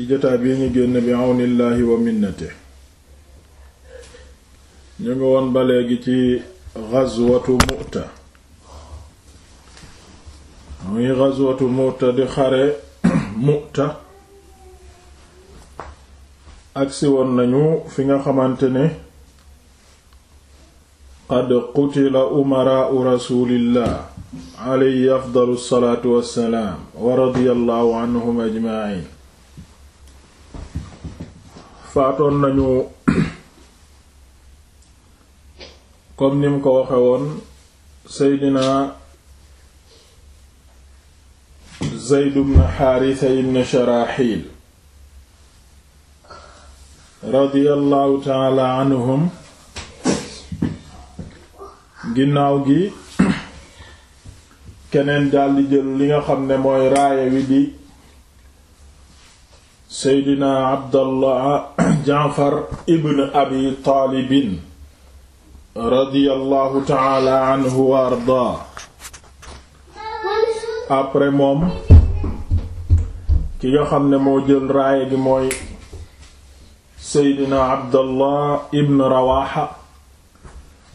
ci jotaay bi ñu génn bi àwnillaahi wa minnate ñu ngi woon ba léegi ci ghazwatu Mu'ta muy ghazwatu Mu'ta di xare Mu'ta agsi woon nañu fi nga xamante ne qad qutila umaraa'u rasuulillah alayhi afdalu salaatu wassalaam wa radiyallahu anhum ajma'in faatoon nañu kom nim ko waxe woon seydina Zayd ibn Haarisa ibn radiyallahu taala anhum ginnaaw gi keneen daldi jël li nga xam ne mooy raaya wi di seydina Abdallah Jaafar ibn Abi Taalibin radiyallahu taala anhu wa ardaa après moom ki nga xam ne moo jël raaya gi mooy Seydina Abdallah ibn Rawaha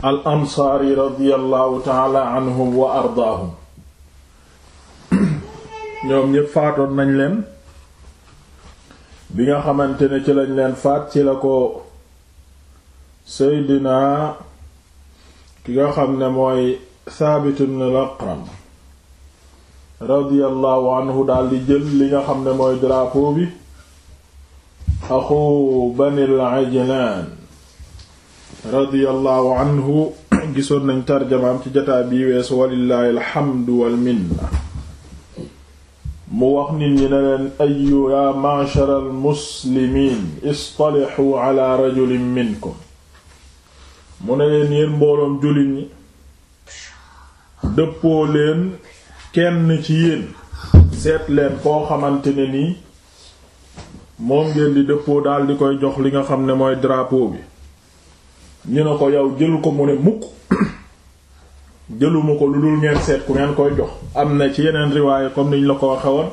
al ansaari radiyallahu taala anhum wa ardaahum ñoom ñépp faatoon nañ leen bi nga xamante ne ci lañ leen faat ci la ko seydinaa ki nga xam ne mooy Saabit ibn al-Aqram radiyallahu anhu daldi jël li nga xam ne mooy drapeau bi axu Banil Ajlaan radiyallahu anhu gisoon nañ tarjamaam ci jataa bi weesu walillahi alhamdu wal mu wax nit ñi ne leen ayyu yaa ma'shar al muslimiin istalihu ala rajulin minkum mu ne leen yéen mbooloom jullit ñi dëppoo leen kenn ci yéen seet leen xamante ne nii moom ngeen di dëppoo daal di koy jox li nga xam ne mooy drapeau bi ñu ne ko yow jël ko mu ne mukk jëluma ko lu dul ngeen seet ku ngeen koy jox am na ci yeneen riwaaye comme niñ la ko waxe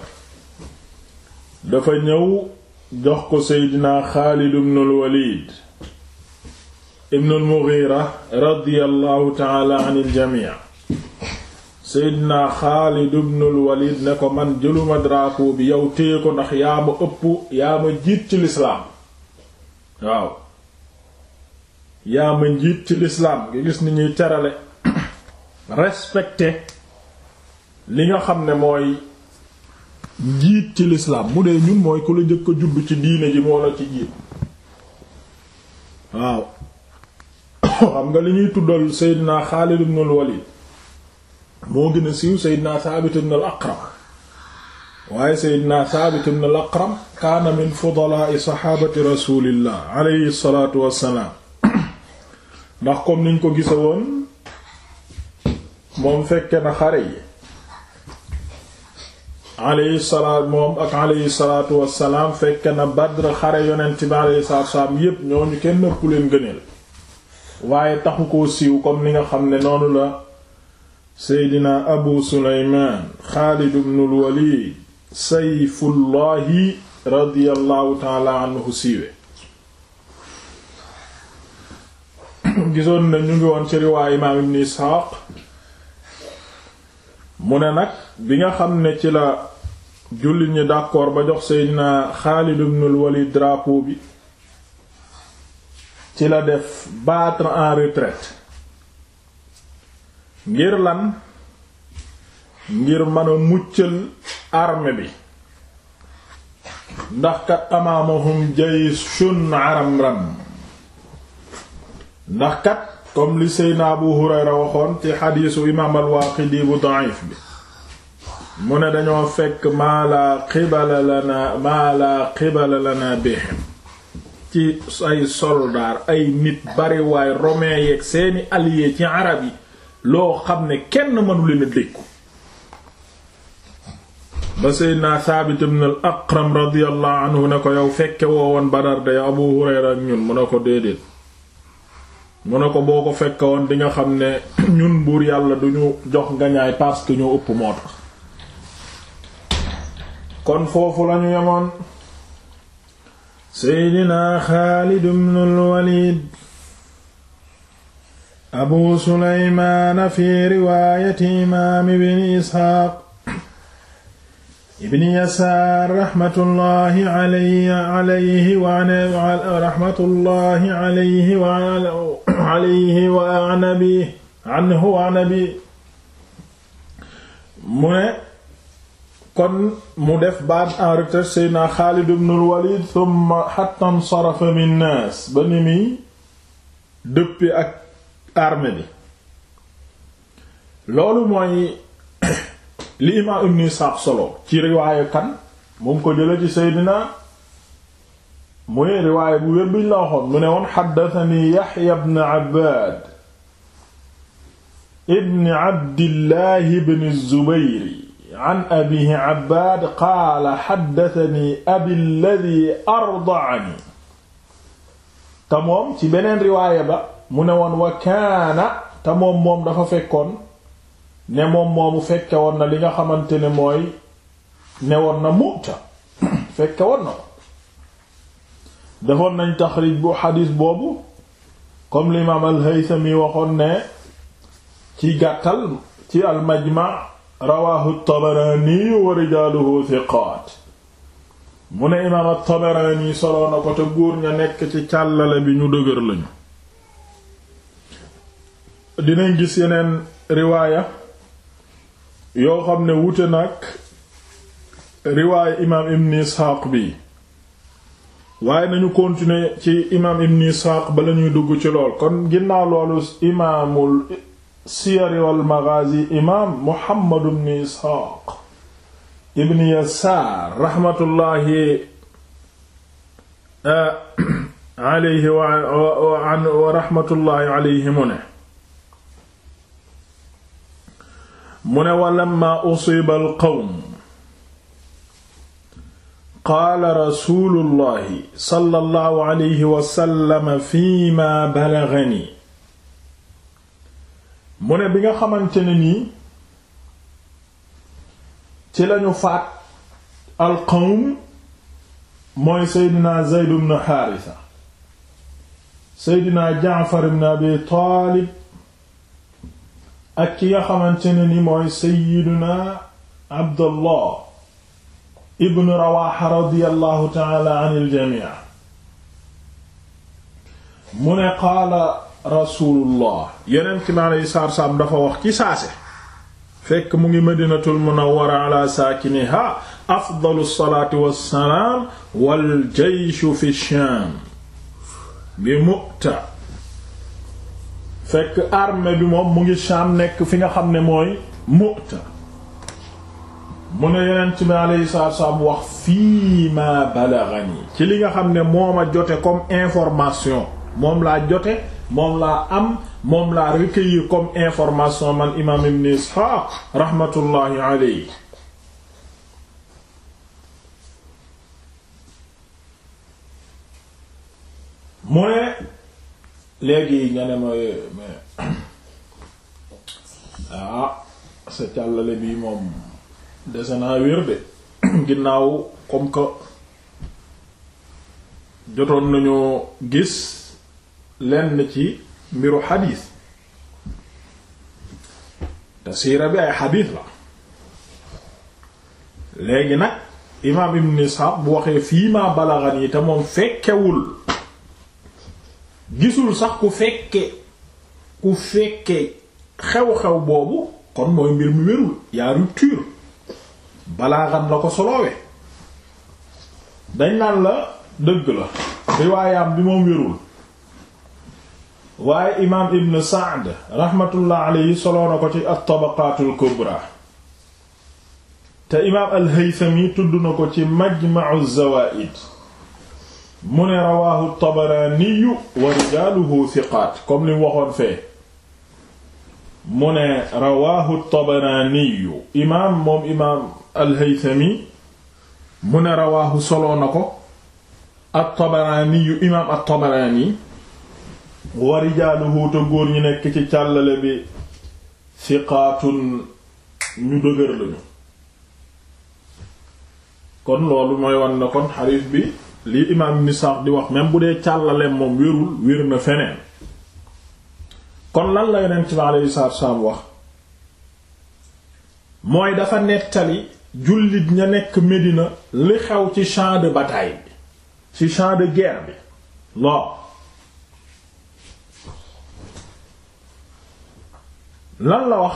dafa ñëw jox ko seydina Xaalid ibnul Walid ibnul Mughira radiyallahu taala anil jamii seydina Xaalid ibnul Walid ne ko man jëluma drapeau bi yow téye ko ndax yaa ma ëpp yaa ma jiit ci lislaam waaw yaa ma njiit ci lislaam nga gis ni ñuy terale respecter li nga xam ne mooy njiit ci lislaam mu dee ñun mooy ku la jëkk a ci diine ji moo la ci jiit waaw xam nga li ñuy tuddal Seydina Xaalid ibn al-Walid moo gën a siiw Seydina Saabit ibn al-Aqram waaye Seydina Saabit ibn al-Aqram kaana min fudalaa'i saxaabati rasuulillah alayhi salaatu wassalaam ndax comme niñ ko gisa moom fekke na xare yi alayhi salaatu moom ak alayhi salaatu wassalaam fekke na Badr xare yonent bi alayhi salaatu wassalaam yépp ñooñu kenn ëpp leen gëneel waaye taxu koo siiw comme ni nga xam ne noonu la seydina abu suleymaan xaalid bnul walid sayfullahi radiyallahu taala anhu siiwe gisoon na ñu ngi woon ci riwaay imaam ibn isxaaq mu ne nag bi nga xam ne ci la jullit ni d'accord ba jox Seydina Xaalid ibnul Walid drapeau bi ci la def battre en retraite ngir lan ngir mën muccal armée bi ndax kat amaamahum jayshun aramram ndax kat comme li Seydina Abu Hurayra waxoon ci xadiisu imaam al bu da'if bi mu ne dañoo fekk maa laa qibala lana maa ci ay soldaar ay nit bariwaay romain yeeg seeni alliés ci arab yi loo xam ne kenn mënu leen a dékku ba Seydina Saabit ibn al-Aqram radiyallahu anhu ñun mu ne ko déedéet mu ne ko boo ko fekk woon di nga xam ne ñun buur yàlla duñu jox ngañaay parce que ñoo ëpp moo tax kon foofu lañu yemoon seydinaa xaalid ibnul walid abu suleymaana fi riwaayati imaam ibn isxaaq ibni yasaar raxmatullahi alayhi alayhi wa raxmatullahi alayhi wa anabi anhu wa anabi mu ne kon mu def baat en retraite seydna Xaalid ibnul Walid thumma hatta insarafa min naas ba ni muy dëppe ak armée bi loolu mooy li imaam ibn Isaaq solo ci riwaayu kan mu ngi ko jële ci Seydina mu ne riwaayu bu wér biñ la waxoon mu ne woon xaddatani Yaxya ibn Abbaad ibn Abdillahi ibn Zubayri an abiihi Abbaad qaala xaddatani abii alladii arda'anii te moom ci beneen riwaaya ba mu ne woon wa kaana te moom moom dafa fekkoon ne moom moomu fekke woon na li nga xamante ne mooy ne woon na Mu'ta fekke woon na ko defoon nañ taxrij bu xadiis boobu comme l'imam al-Haythami waxoon ne ci gàttal ci al-Majma' rawahu at-Tabarani wa rijaluhu mu ne imaam at-Tabarani soloo na ko te góor ña nekk ci càllale bi ñu dëgër lañu gis yeneen riwaaya yoo xam ne wute nag riwaaye imaam ibn isxaaq bi waaye nañu kontine ci imaam ibn isxaaq ba lañuy dugg ci lool kon ginnaaw loolu imaamul siyari wal maghazi imaam muhammad ibn isxaaq ibn yasaar raxmatullaahi eh, alayhi wa raxmatullaahi alayhi mu ne mu ne walamma usiba alqawm qaala rasulullahi sallallahu alayhi wasallam fima balagani mu ne bi nga xamante ne nii ci lañu faat alqawm mooy seydina zeyd bnu xaarisa seydina jaafar bnu abi taalib ak ki nga xamante ne ni mooy sayyiduna abdullah ibn rawaxa radiyallahu taala an iljamia mu ne qaala rasulullah yonent mi aleyhi salaatu salaam dafa wax ci saase fekk mu ngi madinatul munawwara ala saakiniha afdalu salaati wassalaam wal jaysh fi shaam bi mu'ta fekk armée bi moom mu ngi Sham nekk fi nga xam ne mooy Mu'ta mu ne yeneen ci li nga xam ne moo ma jote comme information moom laa jote moom laa am moom laa recueillir comme information man imaam ibn Ishaq rahmatullahi alayhi léegi nga ne ma eh, ah sa càllale bi moom dese naa wér de ginnaaw comme que jotoon nañoo gis lenn ci mbiru xadiis te siira bi ay xadiis la léegi nag imaam ibn bu waxee fii ma balagan yi te moom fekkewul gisul sax ku fekke ku fekke xew-xew boobu kon mooy mbir mu wérul yaa rupture balaa xam la ko soloowe dañ naan la dëgg la riwaayaam bi moom wérul waaye imaam ibn Sa'd rahmatullah alayhi soloo na ko ci at-Tabaqaatul Kubra te imaam al-Haythami tudd na ko ci Majma'u Zawaa'id mu ne rawaahu tabaraaniyu wa rijaaluhu thiqaat comme li mu waxoon fee mu ne rawaahu tabaraaniyu imaam moom imaam alhaythami mu ne rawaahu soloo na ko at-tabaraaniyu imaam at-tabaraani wa rijaaluhu te góor ñi nekk ci càllale bi thiqaatun ñu dëgër lañu kon loolu mooy wan na kon xadiis bi li imaam nisaax di wax même bu dee càllaleem moom wérul wér na feneen kon lan la yonent ci la salaatu salaam wax mooy dafa nettali jullit ña nekk Medina li xew ci champ de bataille bi ci champ de bi loo lan la wax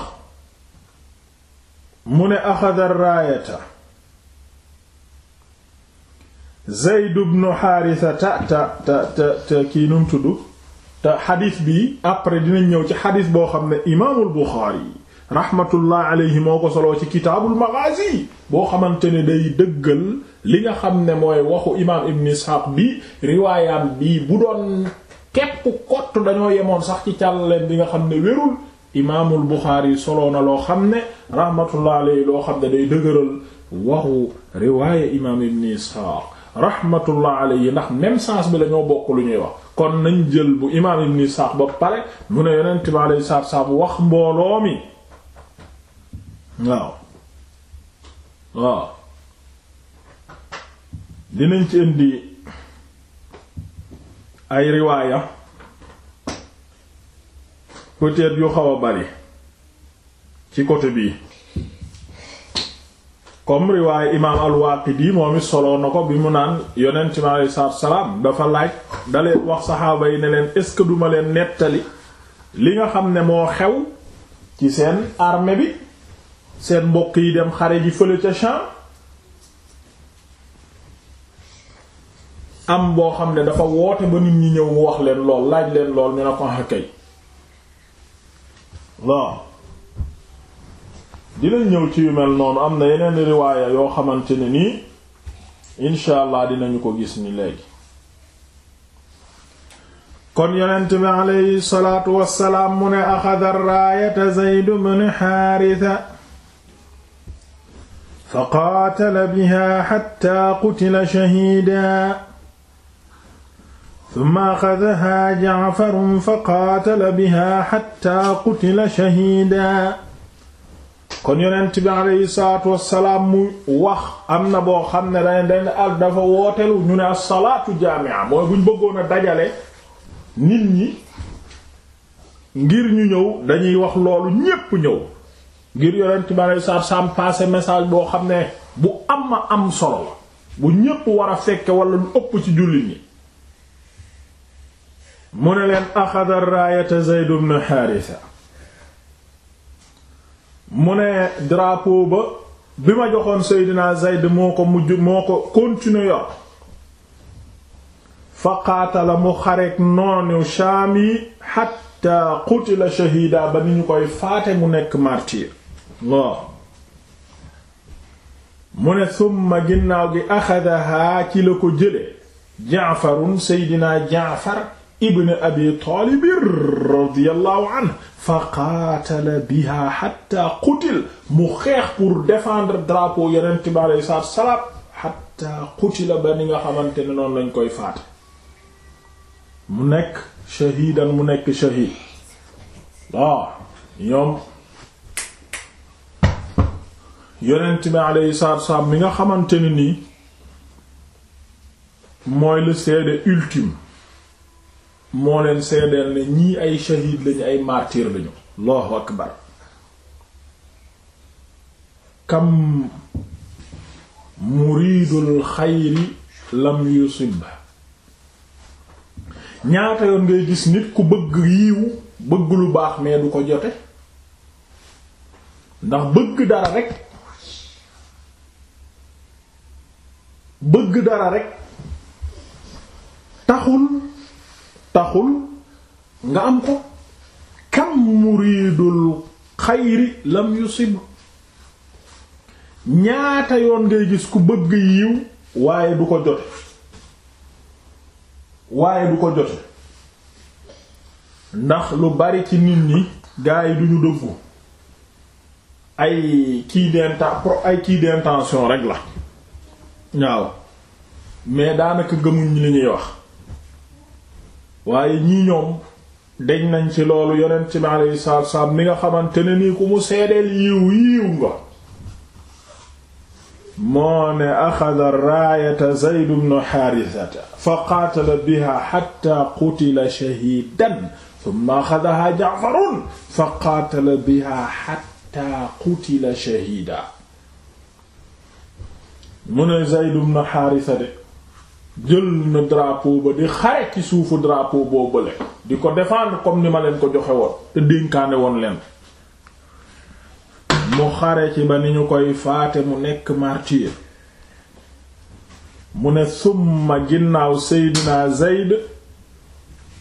mu ne axada Zayd ibn Haarisa ta ta ta ta kii nu tudd te xadis bi après dinañ ñëw ci xadis boo xam ne imaamul Buxaari rahmatullah alayhi moo ko soloo ci kitaabul Maghaazi boo xamante ne day dëggal li nga xam ne mooy waxu imaam Ibn Isxaaq bi riwaayam bi bu doon képp kott dañoo yemoon sax ci càllaleen bi nga xam ne wérul imaamul Buxaari soloo na loo xam ne rahmatullah alayhi loo xam ne day dëgëral waxu riwaaya imaam Ibn Isxaaq rahmatullah alayhi ndax même sens bi lañoo bokk lu ñuy wax kon nañ jël bu imaam ibn Isaaq ba pare mu ne yonent bi alayhi salaatu salaam wax mbooloo mi waaw waaw dinañ ci indi ay riwaaya peut yu xaw a bari ci côté bii comme riwaaye imaam al-Waaqidi moom it soloo ko bi mu naan yonent mi alayhi salaam dafa laaj da wax saxaaba yi ne leen est-ce duma leen nettali li nga xam ne moo xew ci seen arme bi seen mbokk yi dem xare ji fële ca Sham am boo xam ne dafa woote ba nit ñi ñëw wax leen lool laaj leen lool ñu ne ko xëkkëy ah, waaw dinañ ñëw ci yu mel am na yeneen riwaaya yoo xamante ne nii incha allah dinañu ko gis kon yonent bi aleyhi salaatu wassalaam mu ne axada raayata zayd ibn xaarisa fa qaatala biha xatta qutila shahiida biha xatta qutila shahiida kon yonent bi aleyhi salaatu wassalaam mu wax am na boo xam ne dañ dañ al dafa wootelu ñu ne as-salaatu jaami'a mooy buñ bëggoon a dajale nit ñi ngir ñu ñëw dañuy wax loolu ñépp ñëw ngir yonent bi aleyhi salaatu wassalaam passé message boo xam ne bu am am solo la bu ñépp war a fekke wala lu ëpp ci jullit ñi mu ne leen axada raayata Zayd ibn Haarisa mu ne ba bi ma joxoon Seydina Zayd moo ko mujj moo ko continuer fa qaatala mu xareek noonu shaam yi xatta qutila shahida koy faate mu nekk martyr waaw mu ne ginnaaw gi axadahaa ci la ko jële jaafarun Seydina jaafar ibn abi taalib radiyallahu anhu fa qaatala biha xatta qutil mu xeex pour défendre drapeau yonent bi aleyhi salaatu salaam xatta qutila ba ni nga xamante ne noonu lañ koy faat mu nekk shahidan mu nekk shahid waaw ñoom yonent bi aleyhi salaatu salaam mi nga xamante ne nii mooy le seede ultime moo leen seedeel ne ñii ay shahid lañu ay martyr lañu allahu akbar kam muridul xayri lam yusib ñaata yoon ngay gis nit ku bëgg yiwu bëgg lu baax mais du ko jote ndax bëgg dara rek bëgg dara rek taxul taxul nga am ko kam muridul xayri lam yusib ñaata yoon ngay gis ku bëgg yiw waaye du ko jote waaye du ko jot ndax lu bari ci nit ñi gaa yi duñu dëggu ay kii d'inten pro ay kii d'intention rek la waaw mais daanaka gëmuñ li ñuy wax waaye ñii ñoom deñ nañ ci loolu yonent bi alayhi salaatu salaam mi nga xamante ne nii mu seedeel yiw yiw nga moo ne axada raayata Zayd ibn Haarisata fa qaatala biha hatta qutila shahiidan thumma axadaha Ja'farun fa qaatala jël na drapeau ba di xare ci suufu drapo boo bële di ko défendre comme ni ma leen ko joxe woon te dénkaane woon leen mu xare ci ba ni ñu koy faate mu nekk martyr mu ne summa ginnaaw seydinaa Zayd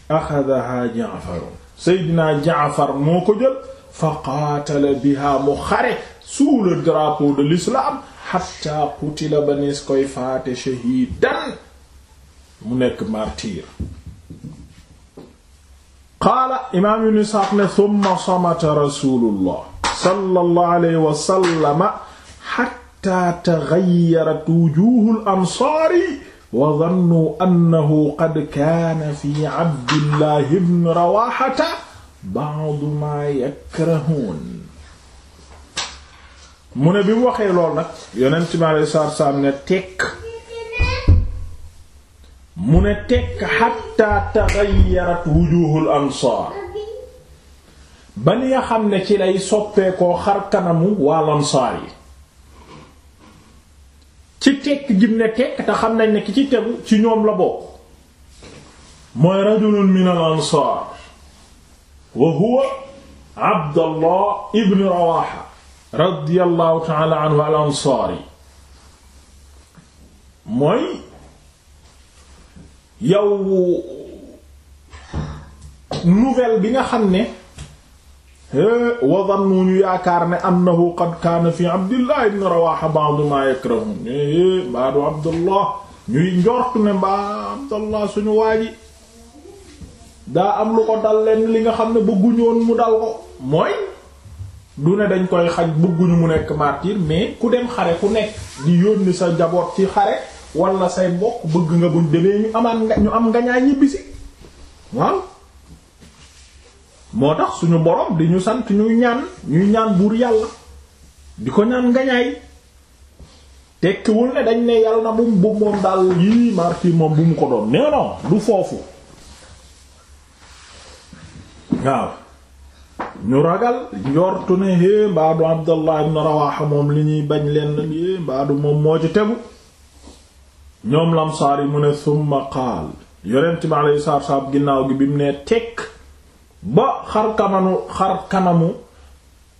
axadaha Jaafarun seydinaa Jaafar moo ko jël fa qaatala biha mu xare sous le drapeau de hatta qutila ba ni koy faate shahidan mu nekk martyr qaala imaam ibn Isxaaq ne summa samata rasulullah sallallahu alayhi wa sallama xatta taxayyarat wujuuhul ansaari wa dannuu annahu qad kaana fi abdillahi ibn rawaxata ba'du maa yakrahuun mu ne bi mu waxee lool nag yonent mi alayhi salaatu wa salaam ne tekk mu ne tekk xatta taxayarat wujuhul ansaar ba ni nga xam ne ci lay soppeekoo xar kanamu waa lansaar yi ci te xam nañ ne ki ci tegu ci ñoom la bokk mooy rajulun min al ansaar wa huwa abdallah ibn rawaxa radiyallahu taala ansaari mooy yow nouvelle bi nga xam ne eh, wa zannu ñu yaakaar ne annahu qad kaana fi abdillah ibn rawaha ba'du ma yakrahun ñu eh, mbaadu abdullah ñuy njort ne mbaa abdullah suñu waaji daa am lu ko dal leen li nga xam ne bëgguñoon mu dal ko mooy du ne dañ koy xaj bëgguñu mu nekk martyr mais ku dem xare ku nekk di yónni sa jaboot ci xare walla say mbokk bëgg nga buñ demee ñu amaan nga ñu am ngañaay ñibbisi waaw moo tax suñu borom di ñu sant ñuy ñaan ñuy ñaan buur yàlla di ko ñaan ngañaay tekkiwul ne dañ ne yàlla na bu bu moom daal yii martir moom bu mu ko doon nee non du foofu waaw ñu ragal njortu ne é mbaadu Abdallah ibn Rawaha moom li ñuy bañ leen mbaa du moom moo ci tegu ñoom lamsaar yi mu ne summa qaal yonent bi alayhi salaatu wassalaam ginnaaw gi bi mu ne tekk ba xar kanamu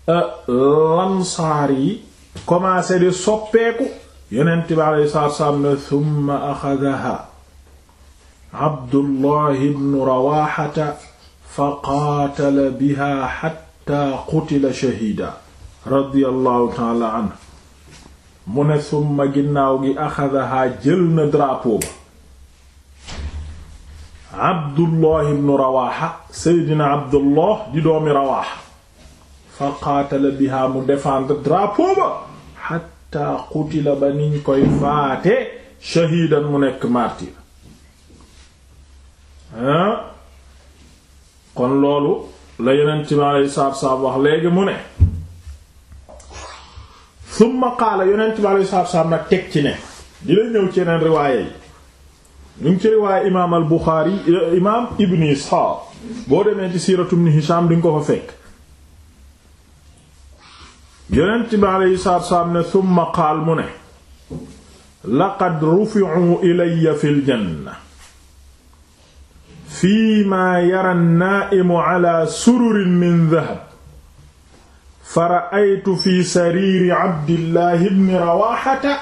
euh, yi commencé di soppeeku yonent bi alayhi salaatu wassalaam ne summa axadaha abdullahi bnu rawaxata fa qaatala biha xatta qutila shahiida radiyallahu taala anhu mu ne summa ginnaaw gi axadahaa jël na drapeau ba abdullah ibnu rawaxa seydina abdullah di doomi rawaxa fa qaatala bihaa mu défendre drapeau ba xatta qutila ba niñ koy faate shahiidan mu nekk martyr ah kon loolu la yeneen ci ma lay saab saab wax léegi mu ne summa qaala yonent bi teg ci ne di la ci yeneen riwaaya yi ngi ci riwaaya imaam al Buxaari imaam Ibn Isxaaq boo demee ci siiratu Ibn Hishaam di ko fa fekk yonent bi alayhi salaatu ne summa qaal mu ne laqad rufi'u ilayya fil janna fiimaa yara an-naa'imu ala min dhahab fara'aytu fi sariiri abdillahi bni rawaxata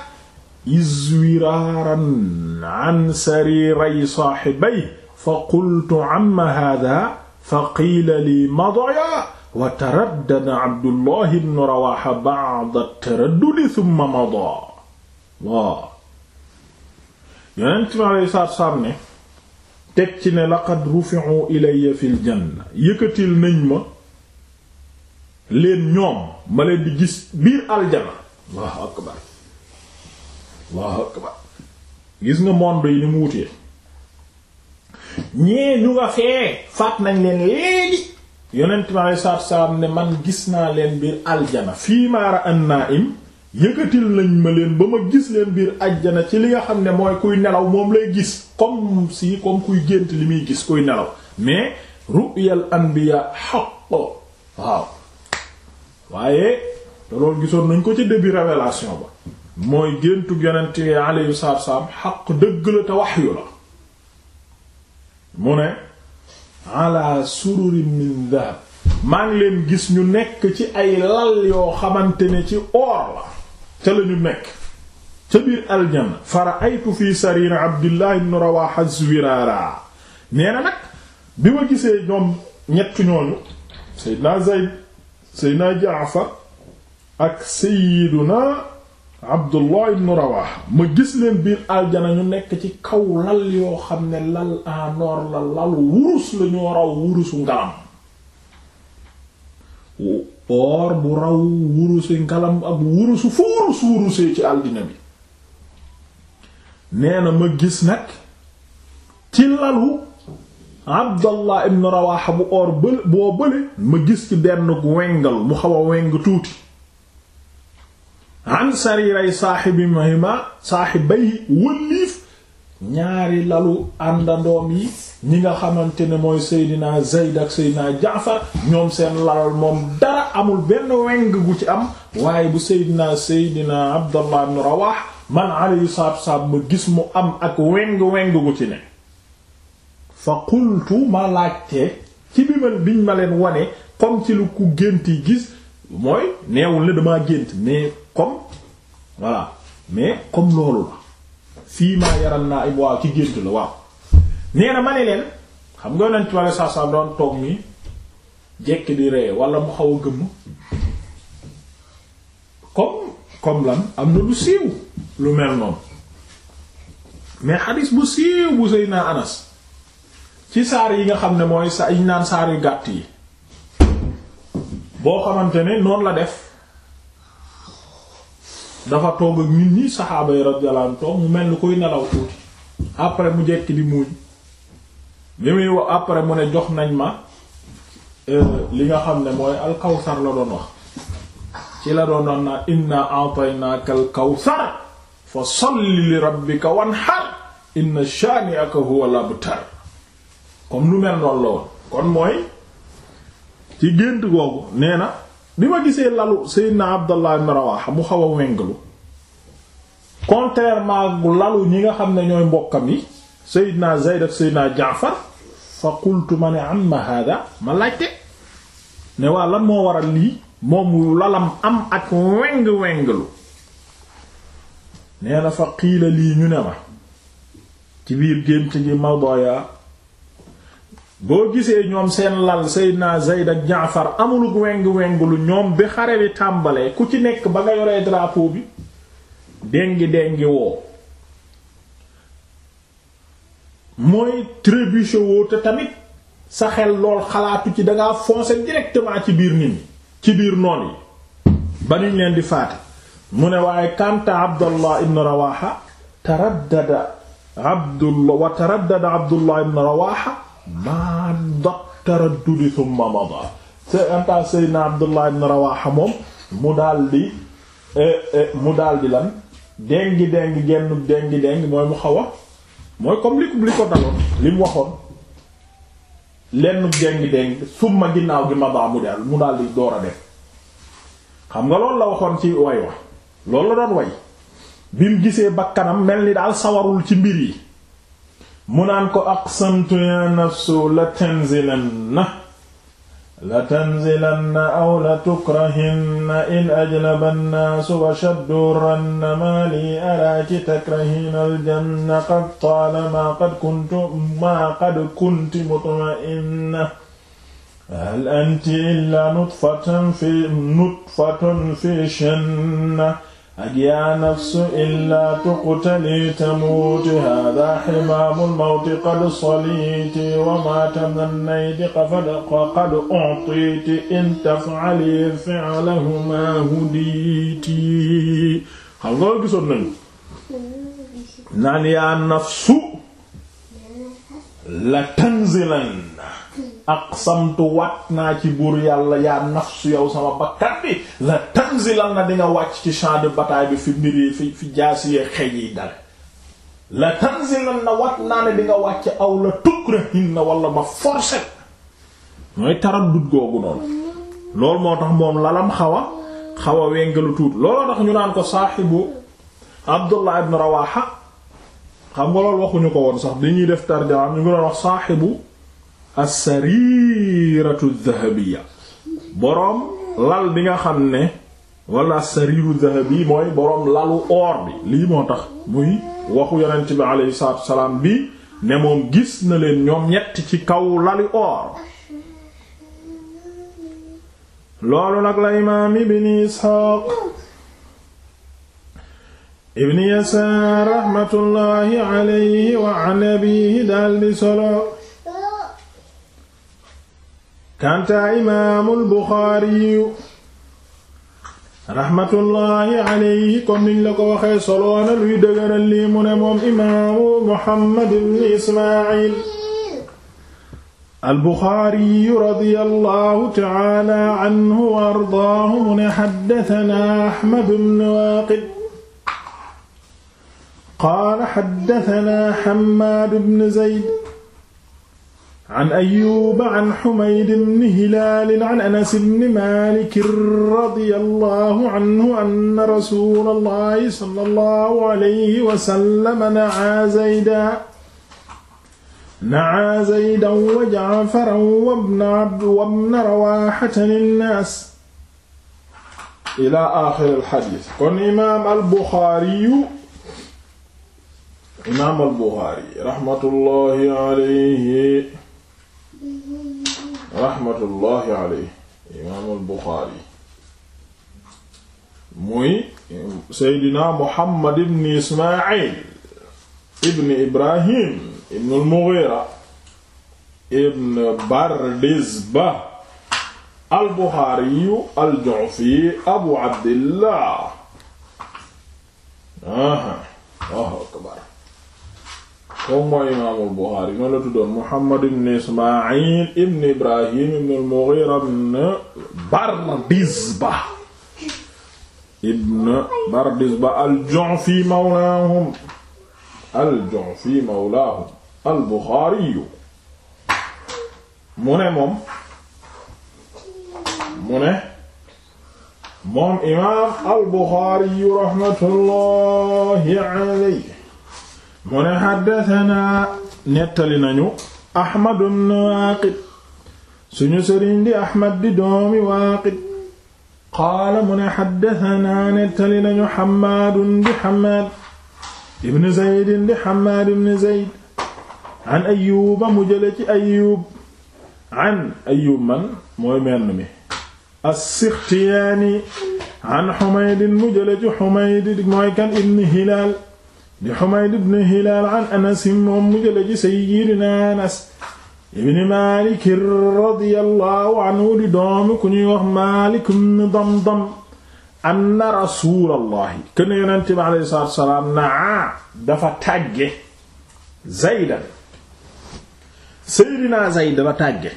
izwiraaran an sariiray saaxibay fa qultu amma haadaa fa qiila lii madaya wa taraddada abdullahi bnu rawaxa bacda taraddudi summa madaa waaw yonent mi alayhi salaatu wa salaam ne teg ci ne laqad rufi'u ilayya fil janna yëkkatil nañ ma leen ñoom ma leen di gis biir aljana allahu akbar allahu akbar gis nga monde yi ni mu wutee ñee ñu nga fee faat nañ leen léegi yonent mi alei salaatu salaam ne man gis naa leen biir aljana fii maara an naa im yëkkatil nañ ma leen ba ma gis leen biir aljana ci li nga xam ne mooy kuy nelaw moom lay gis comme si comme kuy gént li muy gis kuy nelaw mais ru'yal anbiya haqq waaw waaye te loolu gisoon nañ ko ci début révélation ba mooy géntug yonent alayhi salaatu salaam xaq dëgg la te waxyu la mu ne ala sururin min dahab maa ngi leen gis ñu nekk ci ay lal yoo xamante ne ci or la ca lañu nekk ca biir aljanna fara aytu fi sarir abdullah ibn rawaha zwirara nee na nag bi ma gisee ñoom ñett ñooñu sayyidna seydna jaafar ak seyiduna abdullah ibnu rawaha ma gis leen biir aljana ñu nekk ci kaw lal yoo xam ne lal anoor la lalu wurus la raw wurusu ngalam or bu raw wurusi ngalam ab wurusu fu wurus wurusee ci àldina bi nee ma gis nag ci lalu Abdallah ibn Rawaha bu or boo bële ma gis ci benn wengal mu xaw a weng tuuti an sariray saaxibihima saaxibayhi wëlliif ñaari lalu àndandoom yi ñi nga xamante ne mooy Seydina Zayd ak Seydina Jaafar ñoom seen lalal moom dara amul benn weng gu ci am waaye bu Seydina Seydina Abdallah ibn Rawaha man alayhi salaatu wa ma gis mu am ak weng weng gu ci ne fa qultu ma laajte ci bi ma biñ ma leen wane comme ci lu ku gént yi gis mooy neewul ne damaa gént mais comme voilà mais comme loolu la fii maa yaral naa im waaw ci gént la waaw nee na ma ne leen xam nga nañ toog nii wala xaw a gëmm comme lan am na lu siiw lu mel noonu mais xadis bu siiw bu Seydina Anas ci saar yi nga xam ne mooy sa yi naan saar yu gàtt yi boo xamante ne noonu la def dafa toog ak nit ñi saxaaba yi radiyallahu anhu toog mu mel ni kuy nelaw tuuti après mu jekki di muuñ li muy wax mu ne jox nañ ma euh, li nga xam ne mooy alkawsar la doon wax ci la doon wax naa inna na alkawsar fa salli li rabbika wanhar inna shani'aka huwa al abtar comme lu mel noonu la woon kon mooy ci gént googu nee na bi ma gisee lalu Seydina Abdallah ibn Rawaha mu xaw a wéngalu contrairement lalu ñi nga xam ne ñooy mbokkam yi Seydina Zayd ak Seydina Jaafar fa qultu ma ne amma hada ma laajte ne waa lan moo waral lii moom lalam am ak weng wenglu nee na fa qiila lii ñu ne ma ci biir gént gi madoya boo gisee ñoom seen lal Seydina Zayd ak Jaafar amulug weng-wenglu ñoom bi xare bi tàmbalee ku ci nekk ba nga yoree drapeau bi déngi déngi woo mooy trébuché woo te tamit sa xel lool xalaatu ci dangaa foncer directement ci biir nit ñi ci biir noon yi ba nuñ leen di faate mu ne waaye kanta Abdallah ibn Rawaha taraddada Abdullah wa taraddada Abdullah ibn Rawaha arda taraddudi thumma mada seanta seydna abdullah ibn rawaha moom mu daal di eh, eh, mu daal di lan déngi déngi genn déngi déngi mooy mu xaw a mooy comme li li ko daloon li mu waxoon lenn déngi déngi summa ginnaaw gi mada mu daal di door a def xam nga loolu la waxoon ci way wa loolu la doon way bi mu gisee bakkanam mel ni daal sawarul ci mbir yi mu naan ko aqsamtu ya nafsu la tanzilanna la tanzilanna aw la tukrahinna in ajlaba nnaasu wa shaddurranna maa lii araaki takrahina aljanna qad taalamaa qad kuntu maa qad kunti mutma'inna hal anti illaa nutfatan fi nutfatun fi shanna ak yaa nafsu illaa tuqtali tamuuti haadaa ximaamul mawti qad saliti wa maa tamannaydi qad u'titi in taf'ali fi'lahumaa huditi xam nga gisoon nañu mm-hmm. naan yaa nafsu la tanzilan aqsamtu wat naa ci buur yàlla yaa nafsu yow sama bakkan bi la tanzilan na di nga wàcc ci champ de bataille bi fi mbir yi fi fi jaasiyee xëy yi dale la tanzilan na wat naa ne di wàcc aw la tukrahin na wala ma forcé mooy taraddud googu noonu loolu moo tax moom lalam xaw a xaw a wengalu tuut looloo tax ñu naan ko saaxibu Abdullah ibn Rawaha xam nga loolu waxuñu ko woon sax bi ñuy def tarjamaam ñu ngi doon wax saaxibu as-sariratu dhahabiyya boroom lal bi nga xam ne wala as-sariru dhahabi mooy boroom lalu or bi lii moo tax muy waxu yonent bi alayhi salaatu wasalaam bi ne moom gis na leen ñoom ñett ci kaw lali or loolu nag la imaam ibn Isxaaq ibn yasaar raxmatullaahi alayhi wa an abiihi daldi solo kantaa imaamul buxaariyu raxmatullaahi alayhi comme niñ la ko waxee soloona luy dëgëral lii mu ne moom imaamu muhammad ibn ismaayil al buxaariyu radiyallaahu taala anhu wa ardaahu mu ne xaddatanaa ahmad ibn waaqid qaala xaddatanaa xammaadu bnu zayd an ayuuba an xumayd bni hilaalin an anas bni maalikin radiyallahu anhu anna rasuulallahi sallallahu alayhi wa sallam na'aa zaydan na'aa zaydan wa ja'faran wa bna rawaaxatan linnaas ilaa aaxiril xadiis kon imaam al-Buxaari imaam al Buxaari raxmatullaahi alayhi raxmatullaahi alayhi imaam al Buxaari muy seydina Muhammad ibn Ismaayil ibn Ibrahim ibn al Mughira ibn Bardizba al Buxaariyu al Ju'fi abu Abdillah aha Allahu akbar moom mooy imaamul Buxaari noonu la tuddoon Muhammad ibn Ismaayil ibn Ibrahim ibn al-Mughira ibn Bardizba ibn Bardizba al-Ju'fi mawlaahum al-Ju'fi mawlaahum al-Buxaari mu ne moom mu ne moom imaam al-Buxaari rahmatullahi alayhi mu ne xaddasanaa nettali nañu ahmad ibn waaqid suñu sëriñ di ahmad di doomi waaqid qaala mu ne xaddasanaa nettali nañu xammaadun di xammaad ibn zaydin di xammaad ibn zayd an ayuuba mu jële ci ayuub an ayuub man mooy menn mi as-Sikhtiyani an Humayd mu jële ci Humayd mooy kan ibn Hilaal di Humayd ibn Hilaal Anas moom mu jële ci Anas ibn Maalik radiyallahu anhu di doomi ku ñuy wax Maalik ibn Damdam anna rasuulallahi kën yonent bi alayhi salaatu wa salaam naa dafa tàgge Zaydan sayyidina Zayd dafa tàgge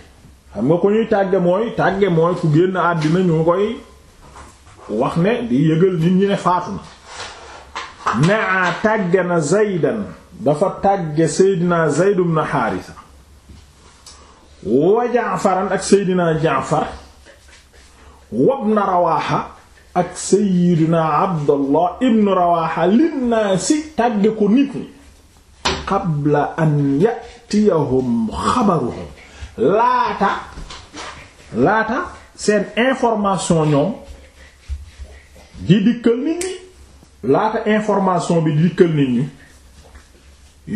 xam nga ku ñuy tàgge mooy tàgge mooy ku génn àddina ñu koy wax ne di yëgal nit ñi ne naa tàgge na zaydan dafa tàgge seydina zayd ibn xaarisa wa jaafaran ak seydinaa jaafar wabna rawaaxa ak seydinaa abdallah ibn rawaaxa linnaasi tàgge ko nit ñi qabla an yatiyahum xabaruhum laata laata seen information ñoom di dikkal nit ñi laata information bi dikkal nit ñi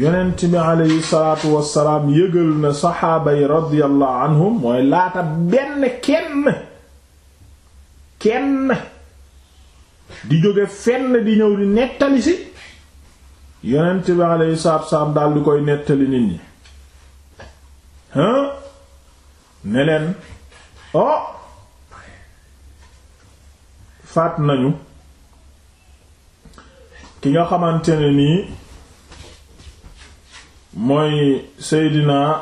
yonent bi aleyhi salaatu wassalaam yëgal na saxaaba yi radiyallahu anhum mooy laata benn kenn kenn di jóge fenn di ñëw di nettali si yonent bi aleyhi salaatu wassalaam daal di koy nettali nit ñi hein ne leen oh, faat nañu ki nga xamante ne nii mooy Seydina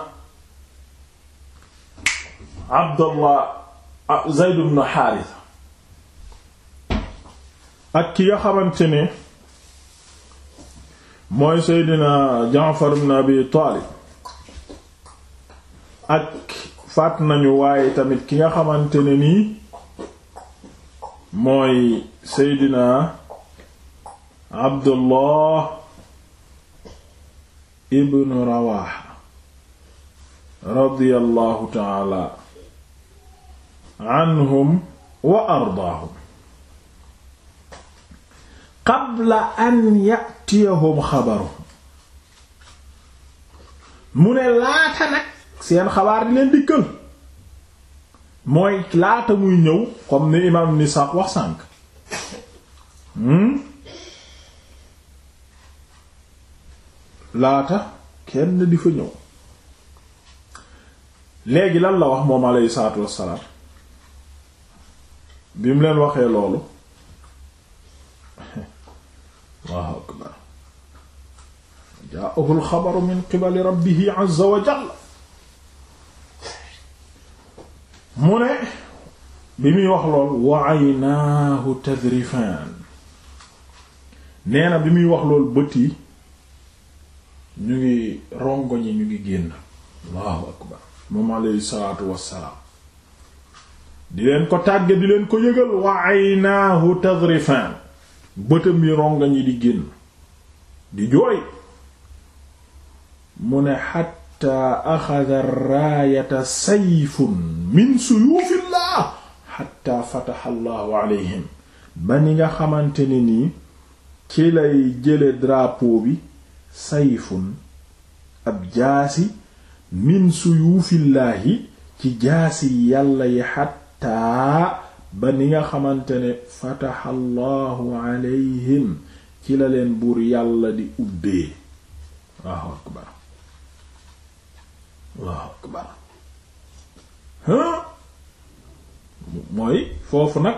Abdallah Zayd ibn Haarisa ak ki nga xamante ne mooy Seydina Jaafar ibn Abi Taalib ak faat nañu waaye tamit ki nga xamante ne nii mooy Seydina Abdullah ibn Rawaha radiyallahu ta'ala anhum wa ardaahum qabla an ya'tiyahum xabaruhum mu ne laata nag seen xabaar di leen dikkal mooy laata muy ñëw comme ni imaam ni sax wax sànk hmm? laata kenn di fa ñëw léegi lan la wax moom aleyhi salaatu wassalaam bi mu leen waxee loolu Allahu akbar jaa'ahu al-xabaru min qibali rabbihi mu ne bi muy wax lool wa aynaahu tadrifaan nee na bi muy wax lool bët yi ñu ngi rongo ñi ñu ngi génn allahu akbar moom alayhi salaatu wassalaam di leen ko tàgge di leen ko yëgal wa aynaahu tadrifan bëtam bi rongo ñi di génn di jooy mu ne xatta axada raayata sayfun min suyuufillah xatta fataxa allahu ba ni nga xamante ne nii ci lay jële drapeau bi sayfun ab jaasi min suyuufillaahi ci jaasi yàlla yi xattaa ba ni nga xamante ne fataxa allahu alayhim ci la leen buur yàlla di ubbee allahu akbar allahu akbar mooy foofu nag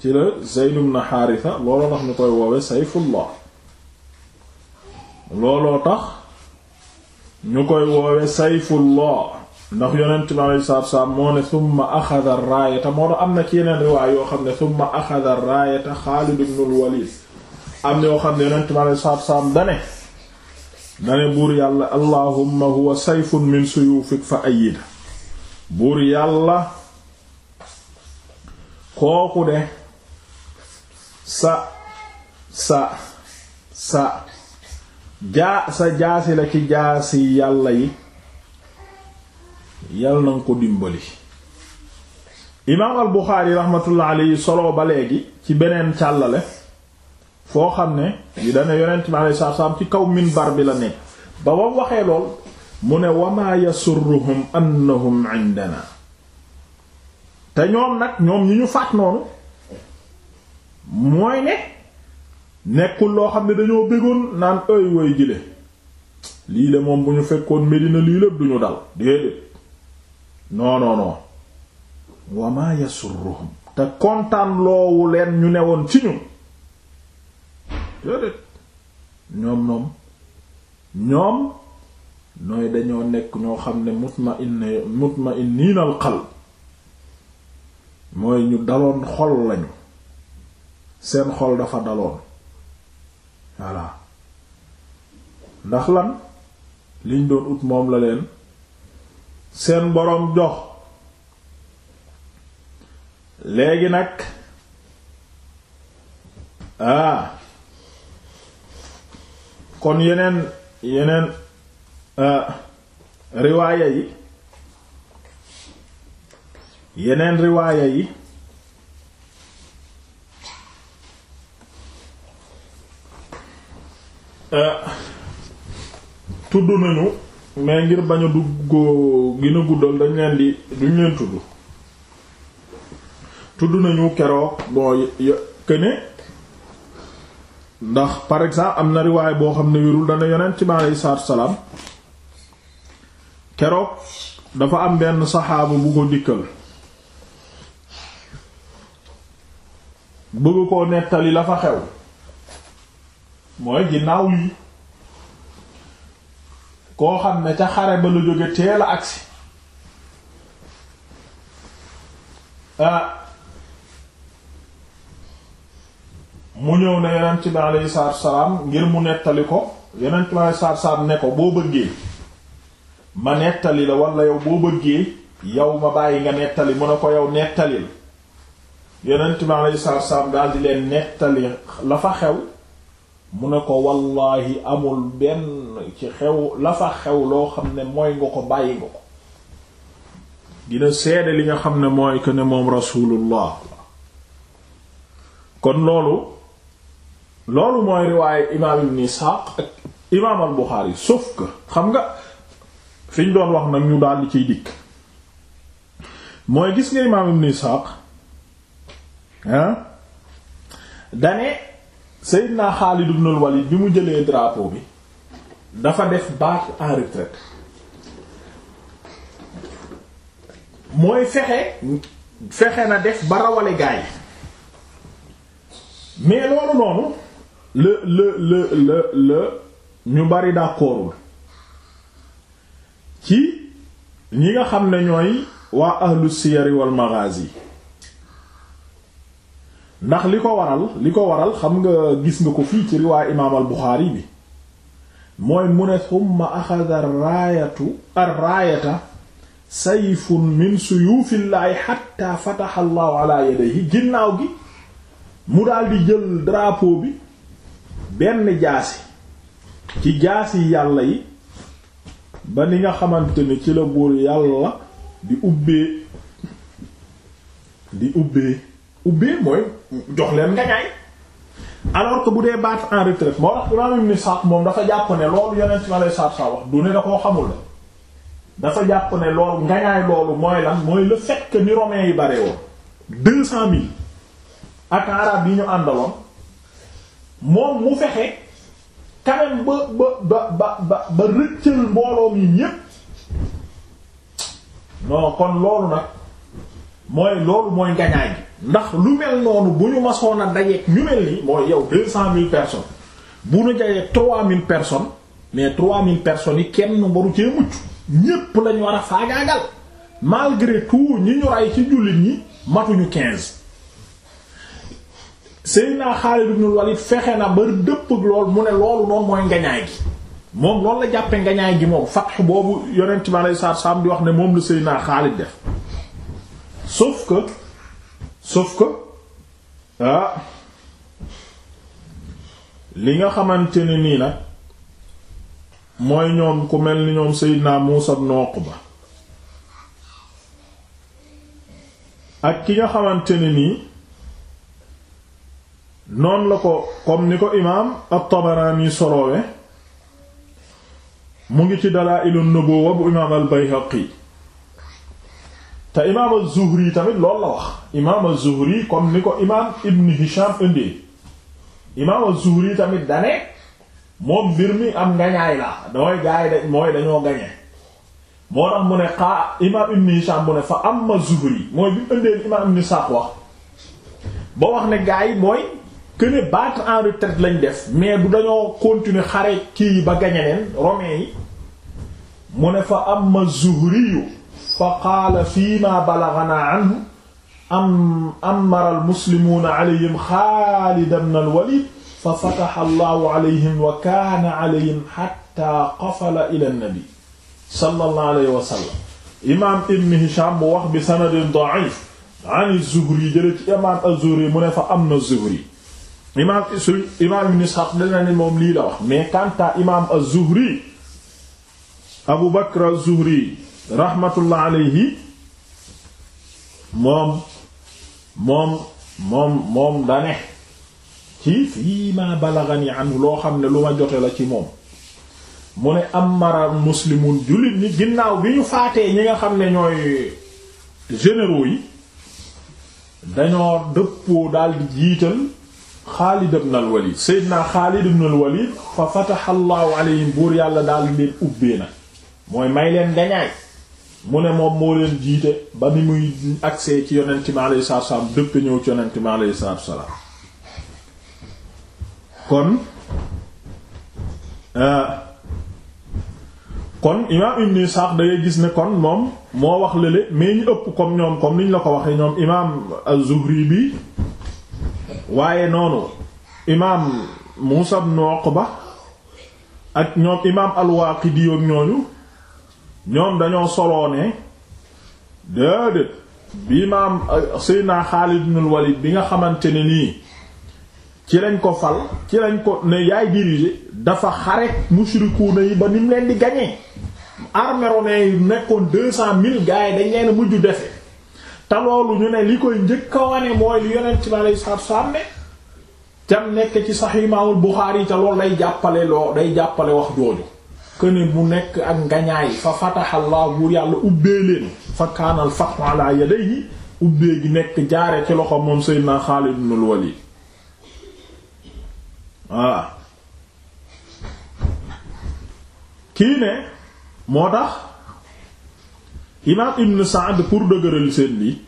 ci la Zayd ibn Haarisa loolu tax koy woowe sayfullah looloo tax ñu koy woowe sayfullah ndax yonent bi alei saatu moo ne summa axada raayata moo tax am na ci yeneen riwaay yoo xam ne summa axada raayata Xaalid ibn al-Walid am yoo xam ne yonent bi alei saatu dane dane buur yàlla allahumma huwa sayfun min suyufik fa ayida buur yàlla kooku de sa sa sa jaa sa jaasi la ci jaasi yàlla yi yàlla na nga ko dimbali imaam al buxaari raxmatullah alayhi solo ba léegi ci beneen càllale foo xam ne yi dana yonent bi alayhi salaatu ci kaw minbar bi la nekk ba wam waxee lool mu ne wamaa yasurruhum annahum indana te ñoom nag ñoom ñu ñu faat noonu mooy ne nekkul loo xam ne dañoo bëggoon naan ëy woy jile lii de moom bu ñu fekkoon Medina lii lépp duñu dal déedéet non non non wamaa yasurruhum te kontaan loowu leen ñu newoon ci ñu déedéet ñoom ñoom ñoom nooy dañoo nekk ñoo xam ne mutma'in mutma'inniin al qalb mooy ñu daloon xol lañu seen xol dafa daloon voilà ndax lan liñ doon ut moom la leen seen boroom jox léegi nag ah kon yeneen yeneen ah, riwaaya yi yeneen riwaaya yi Euh, tudd nañu mais ngir bañ a duggoo gën guddal dañ leen di duñ leen tudd tudd nañu keroog bon këne ndax par exemple am na riwaay boo xam ne wérul dana yeneen ci ma aleyhi salaatu salaam keroog dafa am benn saxaabu bu ko dikkal bëgg koo nettali la fa xew mooy ginnaaw lii koo xam ne ca xare ba la jóge teel a agsi ah. mu ñëw na yonent bi alayhi salaatu salaam ngir mu nettali ko yonent bi alayhi salaatu salaam ne ko boo bëggee ma nettali la wala yow boo bëggee yow ma bàyyi nga nettali mu ne ko yow nettalil yonent bi alayhi salaatu salaam daal di leen nettali la fa xew mu ne ko wallaahi amul benn ci xew la fa xew loo xam ne mooy nga ko bàyyi nga ko dina seede li nga xam ne mooy que ne moom rasulullah kon loolu loolu mooy riwaaye imaam ni Isaaq ak imaam al Buxaari sauf xam nga fi ñu doon wax nag ñu daal di ciy dikk mooy gis nga imaam ibn Isaaq ah Seydina naa ibn al-Walid bi mu jëlee drapo bi dafa def baat en mooy fexe fexe na def ba rawale gaay mais loolu noonu la la la la ñu bari d'accordul ci ñi nga xam ne ñooy waa ahlu siyari wal yi ndax li ko waral li ko waral xam nga gis nga ko fii ci riwaay imaam al Buxaari bi mooy mu ne summa axada raayatu ar raayata sayfun min suyuufillaahi xatta fataxa allaahu ala ginnaaw gi mu daal di jël drapeau bi benn jaasi ci jaasi yàlla yi ba ni nga xamante ni ci la buur yàlla di ubbee di ubbee ubbi mooy jox leen nga ñaay bu dee battre en retraite moo tax moom dafa jàpp ne yeneen ci ma lay saab saa wax du koo xamul la dafa jàpp ne loolu ngañaay loolu mooy lan mooy le fait que ni romains yi bare woon deux cent ñu àndaloon moom mu fexe quand même ba ba kon loolu nag mooy loolu mooy ngañaay gi ndax lu mel noonu bu ñu masoon a dajeek ñu mel ni mooy yow deux cent mille personnes bu ñu dajeek trois mille personnes mais trois mille personnes yi kenn mbaru cee mucc ñépp lañu war a faagaagal malgré tout ñi ñu ray ci jullit ñi matuñu quinze Seydina Xaalid ibn Walid fexe na ba dëpp lool mu ne loolu noonu mooy ngañaay gi moom loolu la jàppe ngañaay gi moom fatx boobu yonent bi alayhi salaatu wa di wax ne moom la Seydina Xaalid def sauf sauf que ah li nga xamante ne nii nag mooy ñoom ku mel ni ñoom Seydina Muusa ibn Uqba ak ki nga xamante ni nii noon la ko comme ni ko imaam at-Tabarani soroowe mu ngi ci Dalaa'ilun Nubuwwa bu imaam al-Bayhaqi te imaam az-Zuhri tamit loolu la wax imaam az-Zuhri comme ni ko imaam Ibn Hisham indee imaam az-Zuhri tamit dane moom mbir mi am ngañaay la damooy gaay mooy dañoo gañe moo tax mu ne xaa imaam Ibn Hisham mu ne fa am az-Zuhri mooy bi mu imaam Ibn Sa'd wax ba wax ne gaay yi mooy que ne battre en retraite lañ def mais du dañoo continuer xare kii ba gañe leen romains yi mu ne fa amma az-Zuhri fa qaala fii ma balaganaa anhu am amara almuslimuuna alayhim xaalida bna alwalid fa fataha allahu alayhim wa kaana alayhim xatta qafala ila nnabi sallallahu alayhi wa sallam imaam ibn hisham bu wax bi sanadin da'if an zuhri jële ci imaam az-zuhri mu ne fa am na zuhri imaam su imaam ibn ishaq dana ne moom lii la wax mais quant à imaam az-zuhri abu bakr az-zuhri rahmatullah alayhi moom moom moom moom dane ci fii ma balagani anhu loo xam ne lu ma jote la ci moom mu ne amara muslimun jullit ñi ginnaaw bi ñu faatee ñi nga xam ne ñooy généraux yi dañoo dëppoo daal di jiital Xaalid ibn al Xaalid ibn fa fataha alayhim buur yàlla daal leen ubbee na mooy may leen gañaay mu ne moom moo leen jiite ba ni muy agsee ci yonent mi alayhi salaatu salaam dëpp ñëw ci yonent mi alayhi salaatu kon euh, kon imaam ibn Isaaq da gis ne kon moom moo wax lële mais ñu ëpp comme ñoom comme niñ la ko waxee ñoom imaam az-Zuhri bi waaye noonu imaam Muusaa ibn Uqba ak ñoom imaam al-Waaqidi ak ñooñu ñoom dañoo soloo ne déedéet maam euh, Seydina Xaalid ibn Walid bi nga xamante ne nii ci lañ ko fal ci lañ ko ne yaay diriger dafa xarek mushrikuuna yi ba nim leen di gañee armée romaine nekkoon deux cent mille gars yi dañ leen mujj defe te lu ñu ne li koy njëkk a wane mooy li yonent ci lay sar sàmme cam nekk ci sax imaamul Buxaari yi te loolu day jàppale loo day jàppale wax jooju këne mu nekk ak ngañaay fa fatahallah buur yàlla ubbee leen fa kaanal fathu ala yadayhi ubbee gi nekk jaare ci loxo moom sayyidina Xaalid ibnul Walid voilà kii ne moo tax imaam Ibn Sa'd pour dëgëral seen lii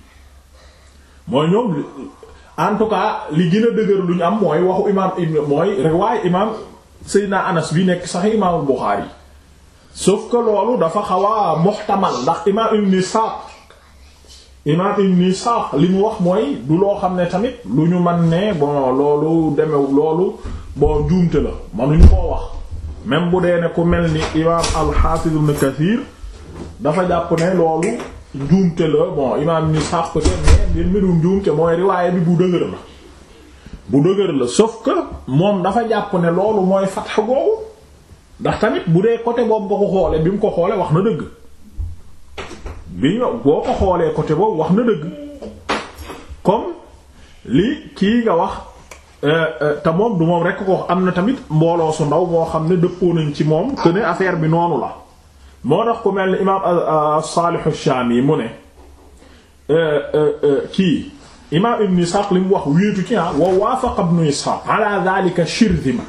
mooy ñoom en li gën a dëgër lu ñu am mooy waxu imaam Ibn mooy riwaay imaam Seydina Anas bi nekk sax imaamul Buxaari sauf que loolu dafa xaw a muxtamal ndax imaam ibn Isaaq imaam ibn Isaaq li mu wax mooy du loo xam ne tamit lu ñu man ne bon loolu demewu loolu boo juumte la mënuñu ko wax même bu dee ne ku mel ni imaam al-Hafiz ibn Kathir dafa jàpp ne loolu njuumte la bon imaam ibn Isaaq peut-être mais mbir mi njuumte mooy riwaaye bi bu dëgër la bu dëgër la sauf que moom dafa jàpp ne loolu mooy fatx googu ndax tamit bu dee côté boobu nga ko xoolee bi mu ko xoolee wax na dëgg bi ñu boo ko xoolee côté boobu wax na dëgg comme li kii nga wax euh, euh, te moom du moom rekk ko am na tamit mbooloo su ndaw moo xam ne dëppoo nañ ci moom que ne affaire bi noonu la moo tax ko mel ni imaam as-Salih euh, ash-Shami mu ne kii imaam Ibn Ishaq li mu wax wéetu ci ah wa waafaqa Ibn Ishaq ala dhalika Shirzima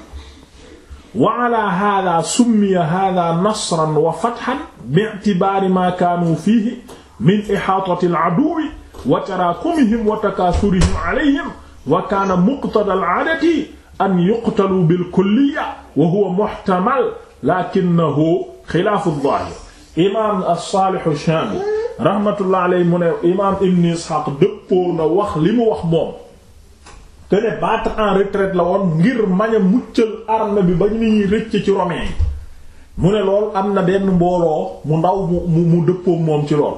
wa ala hada summiya hada nasran wa fathan bi'tibari ma kaanu fihi min ihatati al-aduwwi wa tarakumihim wa takathurihim alayhim wa kaana muqtada al-'adati an yuqtalu bil-kulliyya wa huwa muhtamal lakinnahu khilaafu adh-dhahir imaam as-Saalih ash-Shaami rahmatullah alayhi mu ne imaam Ibn Ishaq dëppoo na wax li mu wax moom que ne battre en retraite la woon ngir mañ a muccal arme bi ba ñuy rëcc ci romain yi mu ne lool am na benn mbooloo mu ndaw mu mu dëppoo moom ci lool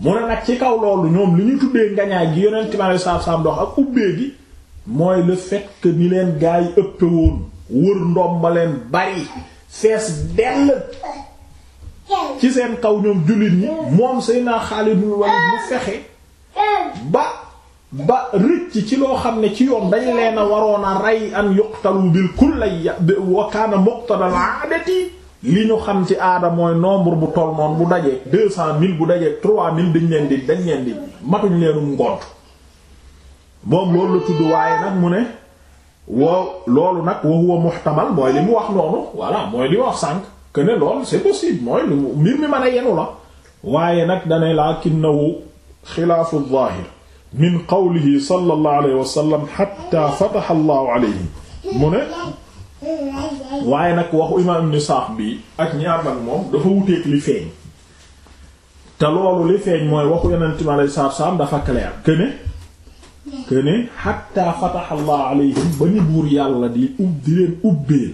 mu ne nag ci kaw loolu ñoom li ñu tuddee ngañaay gi yonent ma saaf saaf ndox ak ubbee gi mooy le fait ni leen gaa yi ëppe woon wër ndoom bari fees dell ci seen kaw ñoom jullit ñi moom Seydina Xaalid ibn Walid mu fexe ba ba rëcc ci loo xam ne ci yoon dañ leen a waroon a rey an yuqtalu bil kullay wa kaana muqtadal aadati li ñu xam ci aada mooy nombre bu toll noonu bu dajee deux cent mille bu dajee trois mille dañ leen di dañ leen di matuñ leenum ngont moom loolu tudd waaye nag mu ne woo loolu nag wa huwa mooy li mu wax noonu voilà mooy li wax sànq que ne loolu c'est possible mooy lu mbir mi mën a yenu la waaye nag dane lakinnahu xilaafu zaahir min qawlihi sallallahu alayhi wa sallam hatta fataha allahu alayhi mu ne waaye nag waxu imaam ibn bi ak ñaar moom dafa wuteek li feeñ te loolu li feeñ mooy waxu yonent mi alayhi salaatu salaam dafa clair que ne que ne hatta fataha allahu alayhim ba ni buur yàlla di ub di leen ubbeel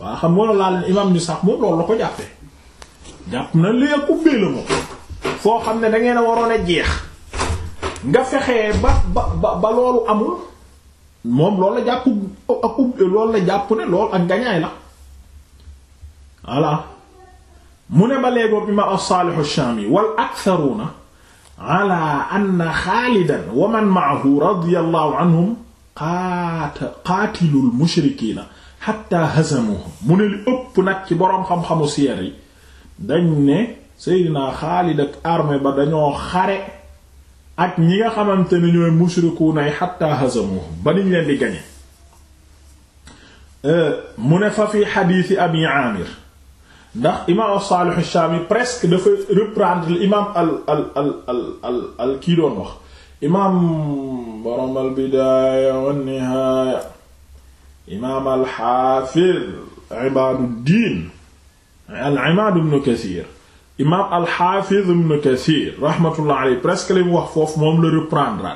waa xam nga laa leen imaam ibn Sa'd moom loolu la ko jàppee jàpp na li ubbee la moom foo xam ne dangeen a waroon a jeex nga fexe ba ba ba loolu amul moom loolu la jàpp ak ub loolu la jàpp ne loolu ak gañaay la voilà mu ne ba léegoob imam as-Salih ash-Shami wal aktharuna ala anna Xaalidan wa man ma'ahu radiyallahu anhum qaatilul mushrikiina hatta hazamuhum mu ne li ëpp nag ci boroom xam-xamu siyar dañ ne Seydina Xaalid ak ba dañoo xare ak ñi nga xamante ne ñooy mushrikuuna yi hatta hazamuhum ba niñ leen di gañe euh, mu ne fa fi xadiisi abi aamir ndax imaam as-Saalih ash-Shaami presque dafa reprendre imaam al al al al al al kii doon wax imaam borom al bidaaya wa nihaaya imaam al xaafiz ibaaduddiin al imaad ibn Kasiir imaam alxaafiz ibn Kasiir rahmatullah alayhi presque li mu wax foofu moom la reprendre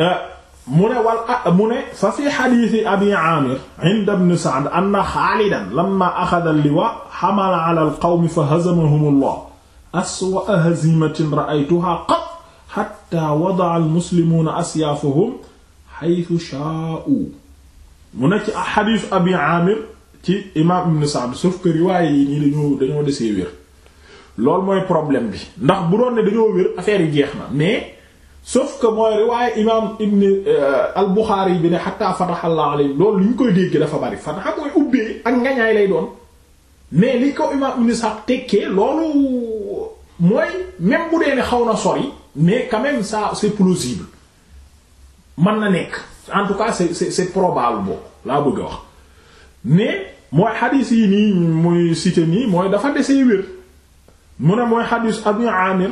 euh, mu ne wal mu ne fa fi xadiisi abi aamir inda ibn Sa'd anna xaalidan lamma axada alliwa xamala ala alqawmi fa hazamahum allah aswa'a hazimatin ra'aytuha qat xatta wada'a almuslimuuna asyaafahum xaytu shaa'u mu ne ci xadiis abi aamir ci imaam ibn Sa'd sauf que riwaaya yi nii dañoo dañoo desee wér loolu mooy problème bi ndax bu doon dañoo wér affaire yi jeex na mais sauf que mooy riwaaye imaam ibn euh, al-Bukhari bi ne xataa fatahallah alayhi loolu li ñu koy dégg dafa bari fataha mooy ubbee ak ngañaay lay doon mais li ko imaam ibn Sa'd tekkee loolu même bu dee ne xaw na sori mais quand même ça c'est plausible mën na nekk en tout cas c'est c'est c'est probable boobu laa bëgg a wax mais mooy xadiis yi nii muy cité nii mooy dafa desee wér mu ne mooy xadiis Abi Amir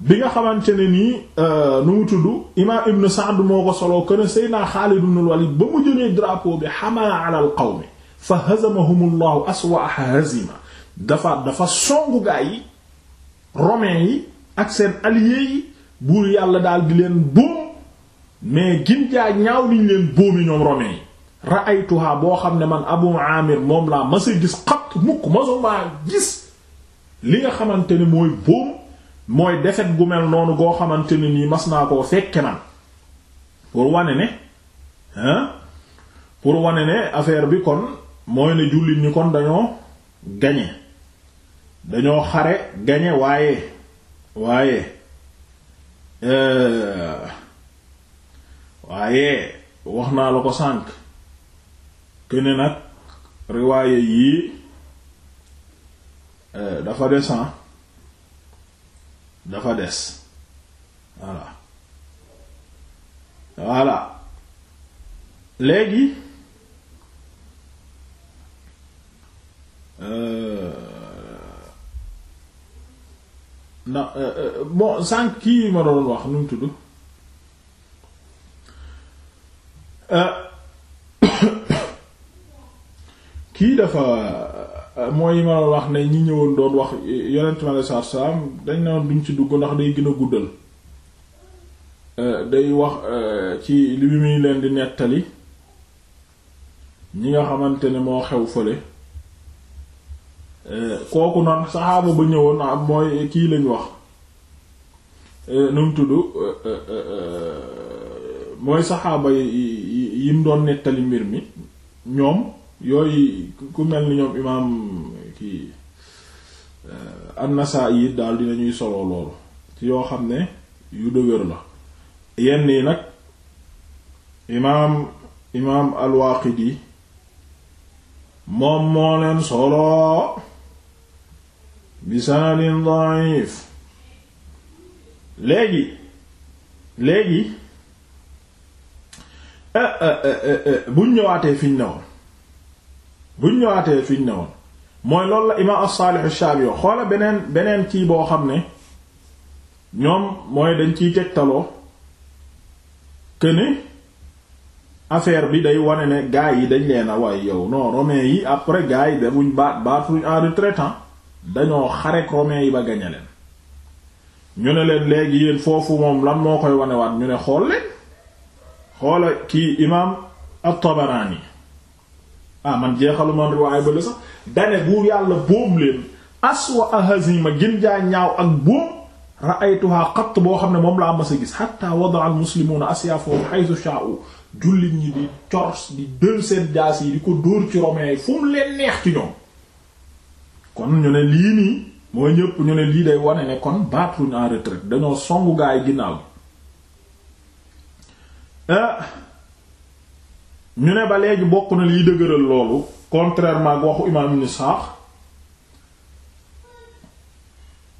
bi nga xamante ne nii euh, nu mu tudd imaam Ibn Sa'd moo ko soloo que ne Seydina Xaalid ibn al ba mu jëlee drapeau bi xamaa ala al-qawmi fa hazamahum Allahu aswa hazima dafa dafa songu gaa yi romain yi ak seen alliés yi buur yàlla daal di leen boom mais gin jaa ñaaw liñ leen boomi ñoom romain yi ra'aytuha boo xam ne man Abu Amir moom laa ma a gis xat mukk masuma gis li nga xamante ne mooy bóom mooy defet gu mel noonu goo xamante ne nii mas naa koo fekke man pour wane ne hein pour wane ne affaire bi kon mooy ne jullit ñi kon dañoo gañe dañoo xare gañe waaye waaye euh, waaye wax naa la ko sànq que ne nag riwaaye yii Euh, dafa des ah dafa des voilà voilà léegi euh, na euh, bon sànq kii ma doon wax nu mu tudd kii dafa. Euh, mooy yi ma doon wax ne ñi ñëwoon doon wax yonent mi alayhi salaatu salaam dañ ne woon duñ ci dugg ndax day gën a guddal euh, day wax euh, ci li muy leen di nettali ñi nga xamante ne moo xew fële kooku noonu saxaaba ba ñëwoon am ah, mooy kii lañ wax nu tudd mooy saxaaba yi yi mu doon nettali mbir mi ñoom. yooyu ku mel ni ñoom imaam kii euh, an-Nasaa'i it daal dinañuy solo loolu ci yoo xam ne yu dëgër la yenn yi nag imaam imaam al-Waaqidi moom moo leen solo bi sanadin da'if léegi léegi eh, eh, eh, buñ ñëwaatee fiñ ne buñ ñëwaatee fiñ ne woon mooy loolu la imaam as-Saalih ash-Shaabi xoola beneen beneen kii boo xam ne ñoom mooy dañ ciy tegtaloo que ne affaire bi day wane ne gaa yi dañ leen a way yow non romains yi après gaa yi demuñ baat baatuñ en retraite dañoo xarek romains yi ba gañe leen ñu ne leen léegi yéen foofu moom lan moo koy wanewaat ñu ne xool leen xoola kii imaam at yi ah man jeexalu man riwaay ba la sax dane buur yàlla boom leen aswa ahazima gën jaa ñaaw ak boom ra'aytuha xat boo xam ne moom laa mas a gis hatta wada'a al-muslimuna asyafahum haythu sha'u jullit ñi di cors di dël seen jaas yi di ko dóor ci romain yi fu mu leen neex ci ñoom kon ñu ne lii nii mooy ñëpp ñu ne lii day wane ne kon baatruñ en retraite dañoo songu gaay ginnaaw eh, ñu ne ba léegi bokk na liy dëgëral loolu contrairement ak waxu imaam Ibn Ishaq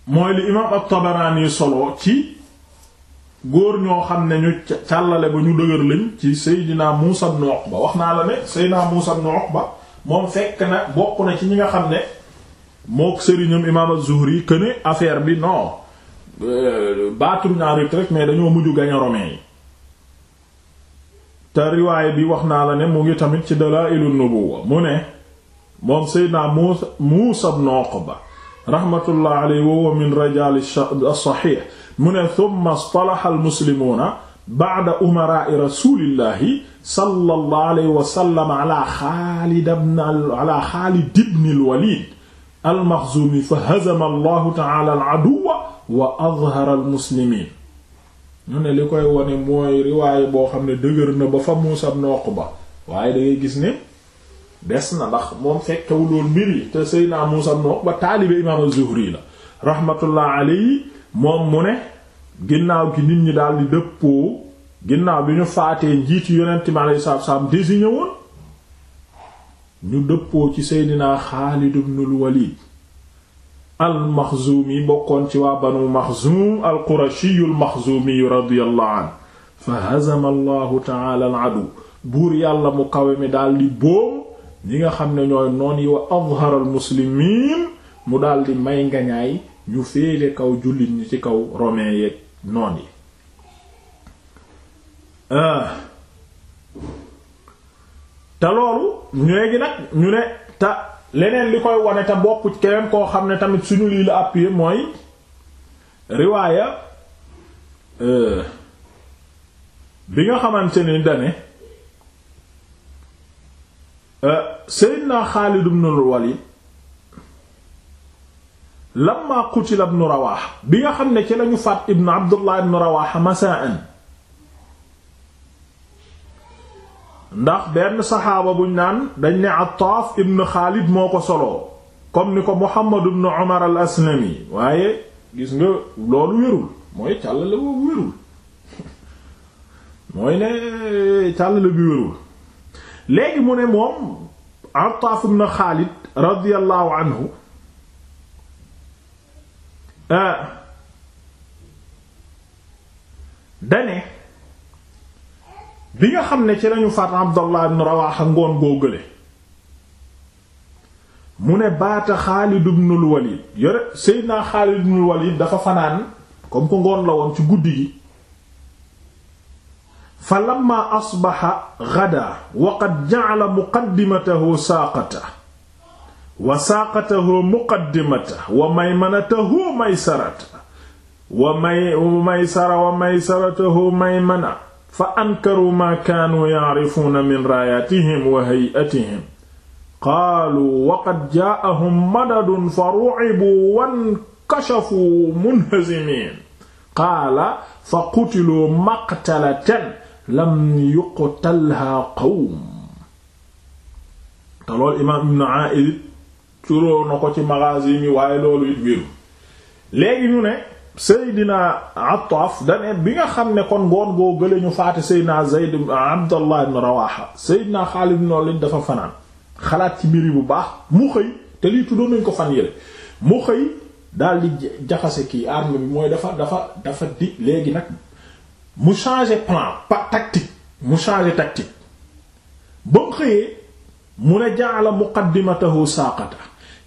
mooy li imaam at-Tabarani solo ci góor ñoo xam ne ñu càllale ba ñu dëgër lañ ci Seydina Muusa ibn Uqba wax naa la ne Seydina Muusa ibn Uqba moom fekk na bokk na ci ñi nga xam ne mook sëriñam imaam az-Zuhri këne affaire bi non euh, battre na retraite rek mais dañoo mujj gañ Romains yi te riwaay bi wax naa la ne mu ngi tamit ci dalaa'ilu nubuwwa mu ne moom seydna Muusa Muusa ibn Uqba rahmatullah alayhi wa huwa min rijaal as-saxiix mu ne thumma istalaha al-muslimuuna ba'da umaraa'i rasuulillahi sallallahu alayhi wa sallam ala Xaalid ibn ala Xaalid ibn al-Waliid al-Maxzuumi fa hazama Allahu ta'aala al-aduwwa wa azhara al-muslimiin ñu ne li koy wone mooy riwaaye boo xam ne dëgër na ba fa Muusaa ibn Uqba waaye da gis ni des na ndax moom fekkewuloon mbir yi te Seydina Muusaa ibn Uqba taalibe imaam az-Zuhri la rahmatullah alayhi moom mu ne ginnaaw gi nit ñi daal di dëppoo ginnaaw bi ñu faatee njiitu yonent mi alayhi salaatu salaam désigné woon ñu dëppoo ci Seydina Xaalid ibn al-Walid al-Maxzuumi bokkoon ci waa banu Maxzuum al-Qurashiyu al-Maxzuumiyu radiyallahu anhu fa hazama allahu taala al-aduw buur yàlla mu kawe mi daldi bóom ñi nga xam ne ñooy noon yi wa azhara muslimiin mu daldi may ngañaay ñu féete kaw jullit ñi ci kaw romain yeeg noon yi ah. te loolu ñeegi nag ñu ne ta leneen li koy wane te bokk keneen koo xam ne tamit suñu lii la appuyé mooy riwaaya euh, bi nga xamante ni dane euh, Seydina Xaalid ibn al-Walid lamma qutila ibn Rawaha bi nga xam ne ci lañu faat ibn Abdullah ibn Rawaha masaan ndax benn saxaaba buñ naan dañ ne Attaaf ibn Xaalid moo ko solo comme ni ko Muhammad ibn Umar al waaye gis nga loolu wérul mooy càllale boobu wérul bi wérul léegi mu ne moom Attaaf ibn Xaalid radiyallahu anhu eh, dane bi nga xam ne ci lañu faat Abdallah ibn Rawaha ngoon goo mu ne baata Xaalid ibn yore Seydina Xaalid ibn al dafa fanaan comme ko ngoon la woon ci guddi gi fa lamma asbaxa ghadaa wa qad ja'ala muqaddimatahu wa saaqatahu muqaddimatahu wa maymanatahu maysaratahu wa maysara wa maysaratahu maymana fa ankaru maa kaanuu yacrifuuna min raayaatihim wa hay'atihim qaaluu waqad jaa'ahum madadun fa rucibuu wankashafuu munhazimiin qaala fa qutiluu maqtalatan lam yuqtalhaa qawm te loolu imaam ibn Aa'id turóo na ko ci magaasi mi waaye loolu it wéru léegi ñu ne Seydina Attaaf dane bi nga xam ne kon ngoon boo gële ñu faate Seydina Zayd Abdallah ibn Rawaha Seydina Xaalid noonu lañ dafa fanaan xalaat ci mbir yi bu baax mu xëy te lii tuddoon nañ ko fan yële mu xëy daal di jaxase kii arme bi mooy dafa dafa dafa di léegi nag mu changé plan pas tactique mu changé tactique ba mu xëyee mu ne jaala muqaddimatahu saaqata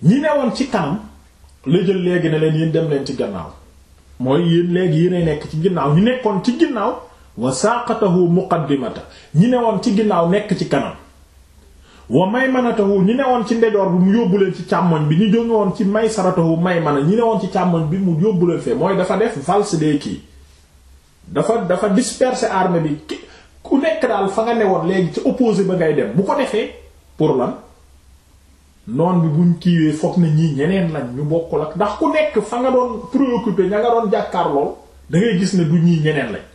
ñi woon ci kanam la jël léegi ne leen yéen dem leen ci gannaaw mooy yéen léegi yéenay nekk ci ginnaaw ñi nekkoon ci ginnaaw wa saqatahu muqaddimata ñi newoon ci ginnaaw nekk ci kanam wa maymanatahu ñi newoon ci ndejoor bi mu yóbbu leen ci càmmoñ bi ñu jóge woon ci maysaratahu maymana ñi newoon ci càmmoñ bi mu yóbbu leen fee mooy dafa def valse des kii dafa dafa disperser arme bi ku nekk daal fa nga woon léegi ca opposé ba ngay dem bu ko defee pour la noon bi buñ kiiwee foog na ñii ñeneen lañ ñu bokkul ak ndax ku nekk fa nga doon préoccupé ña nga doon jàkkaar lool da ngay gis ne du ñii ñeneen lañ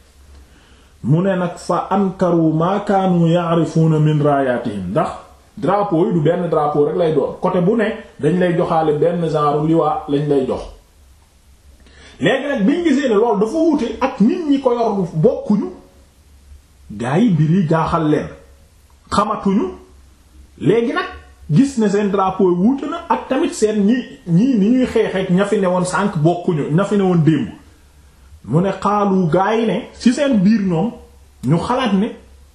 mu ne nag fa ankaru ma kaanu ya'rifuna min rayatihim ndax drapo yi du benn drapo rek lay doon côté bu ne dañ lay joxaale benn genre liwaa lañ lay jox léegi nag biñ gisee ne loolu dafa wuute ak nit ñi ko yor bokkuñu gaa yi mbir yi jaaxal leen xamatuñu léegi nag gis ne seen drapeau yi wuute na ak tamit seen ñi ñii ni ñuy xeexeek ña fi ne woon sànq bokkuñu ña fi ne woon démb mu ne xaalu gaa ne ci seen biir ñoom ñu xalaat ne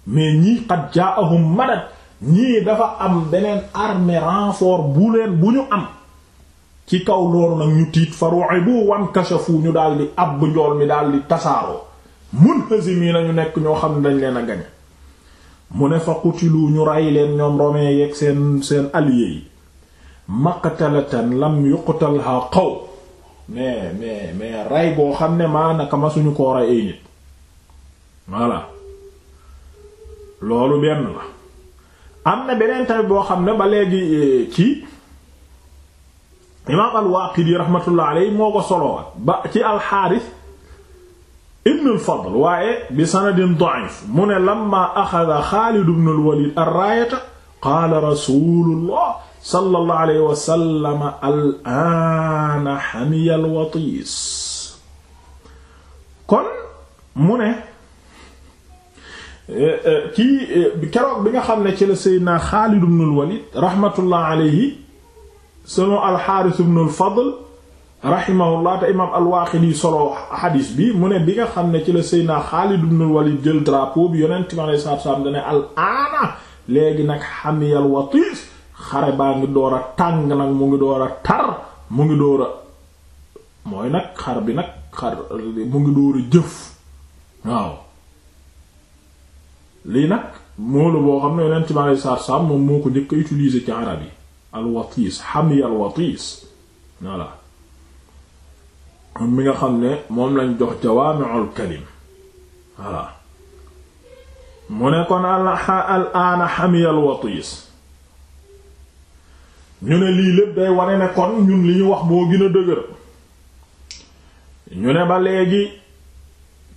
mais ñii xat jaahum madad ñii dafa am beneen armée renfort bu leen bu ñu am ci kaw loolu nag ñu tiit faru'ibu wan kashafu ñu daal di ab njool mi daal di tasaaroo munhazimi nañu nekk ñoo xam ne dañ leen a gañe mu ne fa qutilu ñu rey leen ñoom romains yeeg seen seen alliés yi maqtalatan lam yuqtalha qaw mais mais mais rey boo xam ne maanaka ma suñu ko rey nit voilà loolu benn la am na beneen tamit boo xam ne ba léegi eh, ci imaam al-Waaqidi rahmatullah alayhi moo ko solowat ba ci al ibn al-Fadl waaye bi sanadin da'if mu ne lamma axada Xaalid ibn al-Walid ar-raayata qaala rasuulullah sallallahu alayhi wa sallam al-aana hamiya al-watiis kon mu ne eh, eh, kii eh, keroog bi nga xam ne ci la Seydina Xaalid ibn al-Walid rahmatullah alayhi sunu al-Haaris ibn al-Fadl rahimahullah te imaam al-Waaqidi solo xadiis bi mu ne bi nga xam ne ci la Seydina Xaalid ibn Walid jël drapeau bi yonent mi alayhi salaatu salaam dane al aana léegi nag xamiyal watiis xare baa ngi door a tàng nag mu ngi door a tar mu ngi door a mooy nag xar bi nag xar mu a jëf waaw lii nag moolu boo xam ne yonent mi alayhi salaatu salaam moom moo ko njëkk a utiliser ci arab yi al xamiyal watiis voilà mi nga xam ne moom lañ jox jawaami'ul kalim voilà mu ne kon al aana xamiyal watiis ñu ne lii lépp day wane ne kon ñun li ñu wax moo gën a dëgër ñu ne ba léegi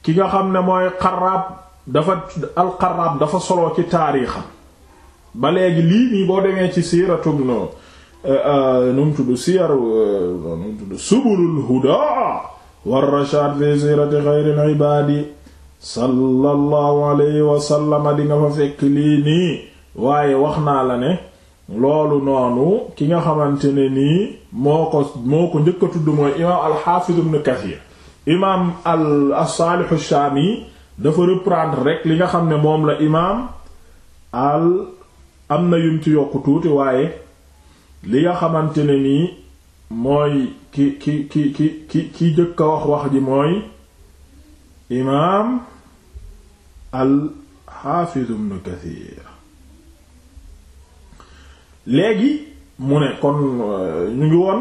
ki nga xam ne mooy xaraab dafa alxaraab dafa solo ci taariixam ba léegi lii nii boo demee ci siiratu Ibnu Eh, eh, nu mu tudd siyar eh, nu mu tudd subulul huda war rashad fi sirati xayril ibaadi sallallahu alayhi wa sallam nga fa fekk lii nii waaye wax naa la ne loolu noonu ki nga xamante ne nii moo ko moo ko njëkk a tudd mooy imaam al al dafa reprendre rek li nga xam ne moom la imaam al am na yum ci yokk tuuti waaye li nga xamante ne nii mooy ki ki ki ki ki ki jëkk a wax wax ji mooy imaam al xaafiz ibnu Kasiir léegi mu ne kon euh, ñu ngi woon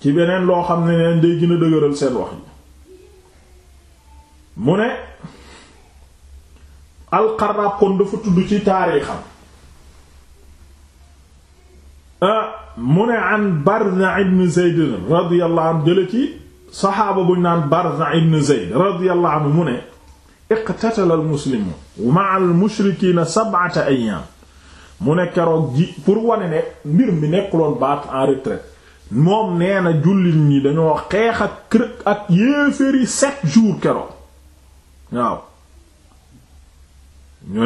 ci beneen loo xam ne neen day gën a dëgëral seen wax ji mu ne al-Qaradaab kon dafa tudd ci taarixam ah, mu ne an Barza ibn Zayd radiyallahu anhu jële ci saxaaba buñ naan Barza ibn Zayd radiyallahu anhu mu ne la al muslimuun ma'a al mushrikiina sab'ata ayyaam mu ne keroog ji pour wane ne mbir mi nekkuloon baat en retraite moom nee na jullit ñi dañoo xeex ak kër ak yéeféri sept jours keroog ñu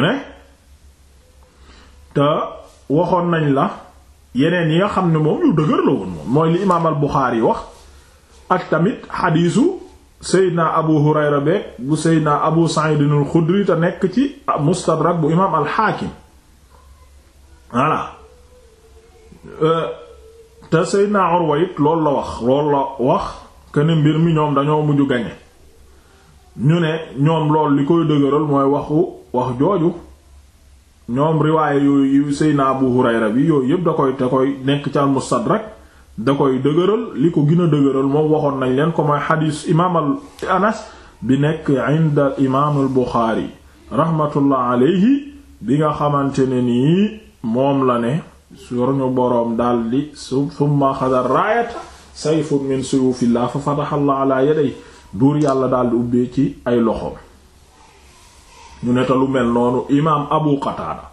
ne te waxoon nañ la yeneen yi nga xam ne moom yu dëgër la woon moom mooy li imaam al Buxaari wax ak tamit xadiisu Seydina Abu Hurayra beeg bu Seydina Abu Sa'id al-Xudri nekk ci Mustadrak bu imaam al-Xaakim euh, te Seydina na it loolu la wax loolu la wax que mbir mi ñoom dañoo mujj gañe ñu ne ñoom loolu li koy dëgëral mooy waxu wax jooju. ñoom riwaaye yooyu Seydina Abu Hurayra bi yooyu yëpp da koy da koy nekk ci al-Mustadrak da koy dëgëral li ko gën a dëgëral moom waxoon nañ leen ko mooy xadiis imaam al Anas bi nekk inda imaam al Buxaari rahmatullah alayhi bi nga xamante ne nii moom la ne suñu boroom daldi su summa xadar raayata sayfun min suyufillah fa fataha Allah ala yaday buur yàlla daldi ubbee ci ay loxoom ñu ne ta lu mel noonu imaam abu qataada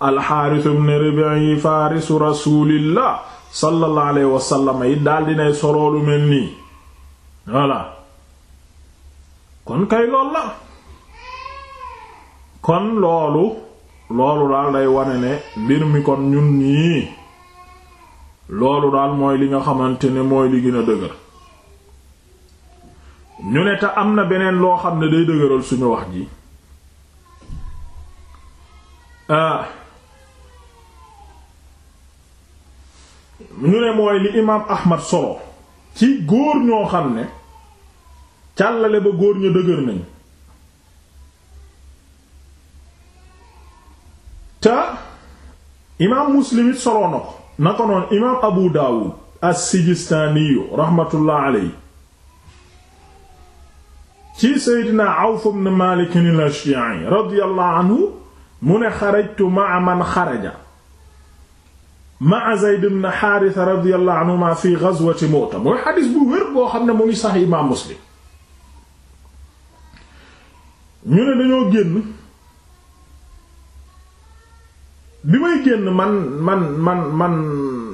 alxaaris ibn ribi'i faarisu rasulillah sallallahu wa sallam yi daal dinay solo lu mel nii voilà kon kay lool la kon loolu loolu daal day wane ne mbir mi kon ñun ñii loolu daal mooy li nga xamante ne mooy li gën a dëgër ñu ne te am na beneen loo xam ne day dëgëral suñu wax ji ah ñu ne mooy li imaam Ahmad solo ci góor ñoo xam ne càllale ba góor ñu dëgër nañ te imaam Muslim it solo ko na ko noon imaam Abu Dawud as-Sijistaaniyu rahmatullah alayhi ci Seydina Awf ibn Malik al-Ashja'i radiyallahu anhu mu ne xarajtu maa man xaraja maa Zayd ibn Haarisa radiyallahu anhuma fi ghazwati Mu'ta mooy xadis bu wér boo xam ne mu ngi sax imaam Muslim ñu ne dañoo génn bi may génn man man man man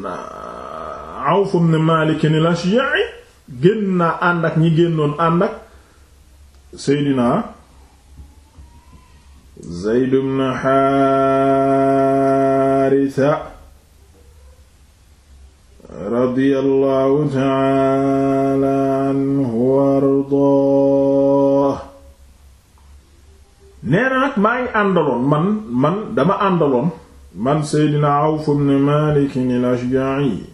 uh, Awf ibn Maalik al-Ashja'i génn naa ànd ak ñi génnoon ànd ak Seydina Zayd ibn Haarisa radiyallahu ta'ala anhu wa ardaah nee na nag maa ngi àndaloon man man dama àndaloon man Seydina Awf ibn Maalik al-Ashja'i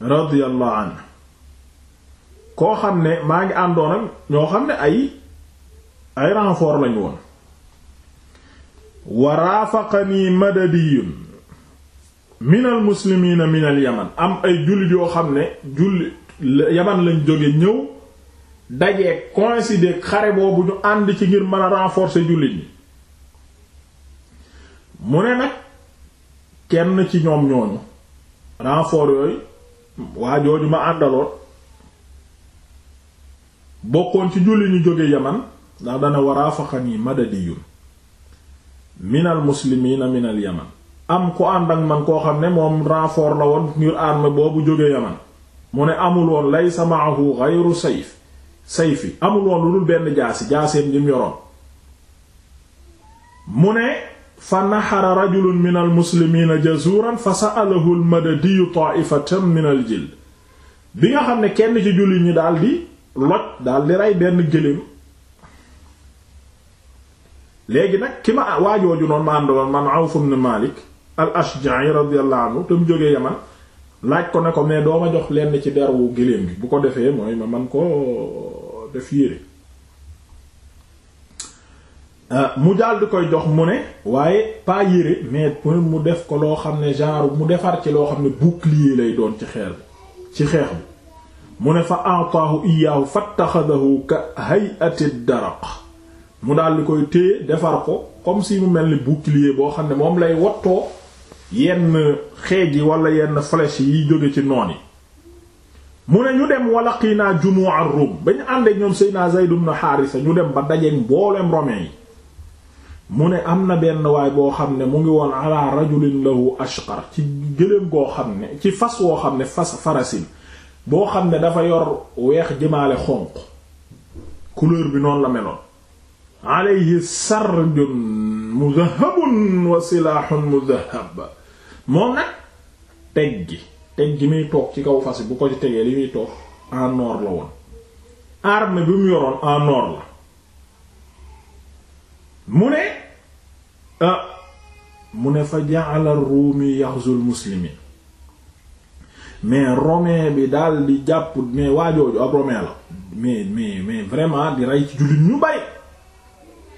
radiyallahu anhu koo xam ne maa ngi àndoon ak ñoo xam ne ay ay renfort lañu woon wa raafaqanii madadiyun minal muslimiina minal yaman am ay jullit yoo xam ne jullit yaman lañ jóge ñëw dajee coïncider xare boobu ñu ànd ci ngir mën a renforcer jullit ñi mu ne nag kenn ci ñoom ñooñu renfort yooyu waa jooju ma àndaloon bokkoon ci jullit ñu jóge yaman ndax dana waraafaxan yi minal muslimiina minal yaman am ku ànd man koo xam ne moom renfort la woon ngir armée boobu jóge yaman mu ne amul woon laysa ma'ahu ghayru sayf sayfi amul woon lu dul benn jaasi jaaseem jim yoroon mu ne fa naxara rajulun minal muslimiina jazuuran fa sa'alahu al-madadiyu taa'ifatan minal jild bi nga xam ne kenn ci jullit ñi daldi loj daldi rey benn gëléem léegi nag ki ma waajooju noonu ma àndoon man Awf ibn Malik al-Ashja'i radiyallahu anhu te mu jógee Yaman laaj ko ne ko mais dooma jox lenn ci derwu géléem bi bu ko defee mooy ma man ko def yére euh, mu daal koy jox mu ne waaye pas yére mais pour mu def ko loo xam ne genre mu defar ci loo xam ne bouclier lay doon ci xeer ci xeex bi mu ne fa a'tahu iyyahu fattakhadahu ka hay'ati ad-daraq mu daal di koy téye defar ko comme si mu mel ni bu bouclier boo xam ne moom lay wottoo yenn xeej yi wala yenn flèche yi jóge ci noon yi mu ne ñu dem wala xiinaa naa jumu ar ba ñu ànd ñoom Seydina Zayd ibn Haarisa ñu dem ba dajeeg mboolem romain yi mu ne am na benn waay boo xam ne mu ngi woon ala rajulin lahu ashqar ci gëléem goo xam ne ci fas woo xam ne fas farasin boo xam ne dafa yor weex jëmaale xonq couleur bi noonu la meloon alayhi sarjun mudahabun wa silahun mudahab gi teg toog ci kaw fas bu ko tegee li muy en or la woon arme ah, ne fa ja'ala ar-rumi yaxzul muslimin mais romain bi daal di jàpp mais waajooju ab romain la mais mais mais vraiment di rey ci jullit ñu bari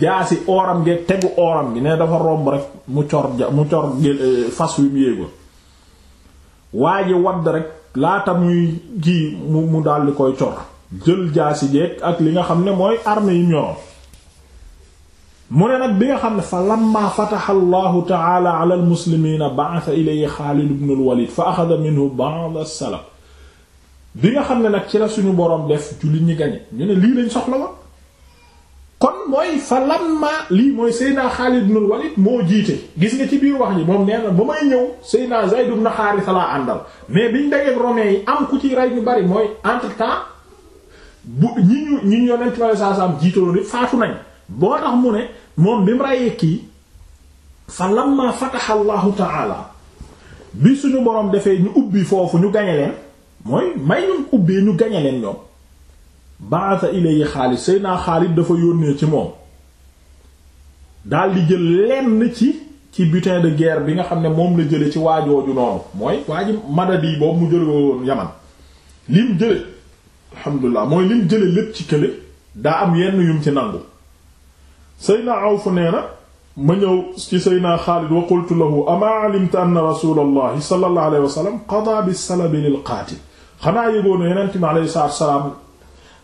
jaasi ooram gi tegu ooram gi ne dafa romb rek mu cor ja mu cor e, fas wi mu yéegoon waa ji wadd rek laata muy ji mu mu daldi koy cor jël jaasi jeeg ak li nga xam ne mooy arme yi ñoroon mu ne nag bi nga xam ne fa lamma fataha allahu taala ala almuslimina ba'atha ilayhi xaalid ibn alwalid fa axada minhu ba'd as bi nga xam ne nag ci la suñu boroom def jullit ñi gañe ñu ne lii lañ soxla woon kon mooy fa lamma lii mooy seyna Xaalid ibn Walid moo jiite gis nga ci biir wax ji moom nee na ba may ñëw Seydina Zayd ibn Haarisa laa àndal mais biñ dajeek romain yi am ku ci rey ñu bari mooy entre temps bu ñi ñu ñi ñu yonent bi saa saam jiitaloon yi faatu nañ boo tax mu ne moom bi mu reyee kii fa lamma fataha Allahu ta'ala bi suñu borom defee ñu ubbi foofu ñu gañe leen mooy may ñu ubbee ñu gañe leen ñoom ba'atha ilayhi Xaalid Seydina Xaalid dafa yónnee ci moom daal di jël lenn ci ci butin de guerre bi nga xam ne moom la jële ci waajooju noonu mooy waa ji madadi boobu mu jële woon Yaman lim jële alhamdulilah mooy lim jële lépp ci kële daa am yenn yum ci nangu Seydina Awf nee na ma ñëw ci Seydina Xaalid wa qultu lahu ama alimta anna rasulallahi sallallahu alayhi wa sallam qada bis salabi lil qaatil xanaa yëgoon yonent mi alayhi salaam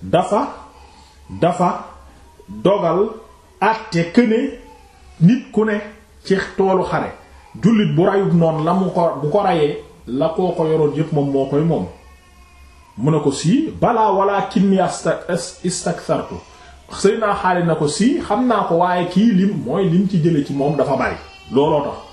dafa dafa dogal àtte këne nit ku ne ci toolu xare jullit bu rayub noonu la mu ko bu ko rayee la koo ko yoroon yépp moom moo koy moom mu ne ko sii balaa wala kinni istakthartu sëy naa xaalis na ko sii xam naa ko waaye kii lim mooy lim ci jële ci moom dafa bari looloo tax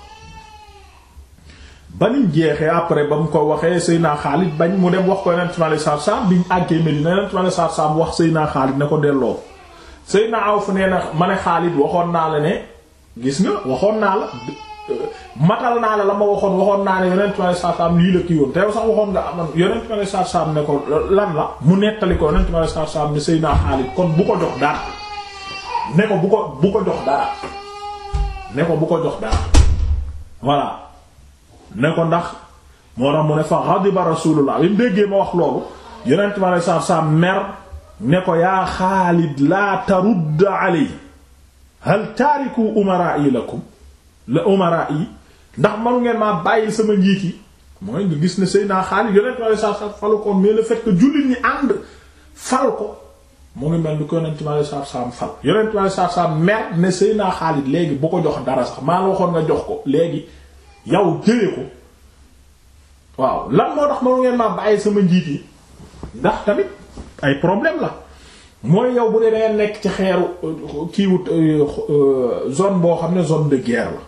ba niñ jeexee après ba mu ko waxee Seydina Xaalid bañ mu dem wax ko Yonent mi alayhi salaatu salaam biñ àggee Medina Yonent mi alayhi salaatu salaam wax Seydina Xaalid ne ko delloo Seydina Awf nee na ma ne Xaalid waxoon naa la ne gis nga waxoon naa la matal naa la la ma waxoon waxoon naa ne Yonent mi alayhi lii la kii woon te yow sax waxoon nga amoon Yonent mi alayhi ne ko lan la mu nettali ko Yonent mi alayhi salaatu salaam ne Seydina kon bu ko jox dara ne ko bu ko bu ko bu ko jox ne ko ndax moo tax mu ne fa ghadiba rasulullah bi mu déggee ma wax loolu yonent ma lay sa sa mer ne ko yaa Xaalid laa tarudd alay hal taariku umara'i lakum ndax manu ngeen maa bàyyi sama njiit yi mooy gis ne Seydina Xaalid yonent ma lay ko mais le fait ko mu ngi mel ni ko yonent ma lay sa sa fal yonent ma lay sa sa mer léegi bu ko jox dara sax maa la waxoon nga jox ko léegi yow jëlee ko waaw lan moo tax mënu ngeen ma bàyyi sama njiit yi ndax tamit ay problème la mooy yow bu dee da nekk ci xeeru euh, kiiwut euh, euh, zone boo xam ne zone de guerre la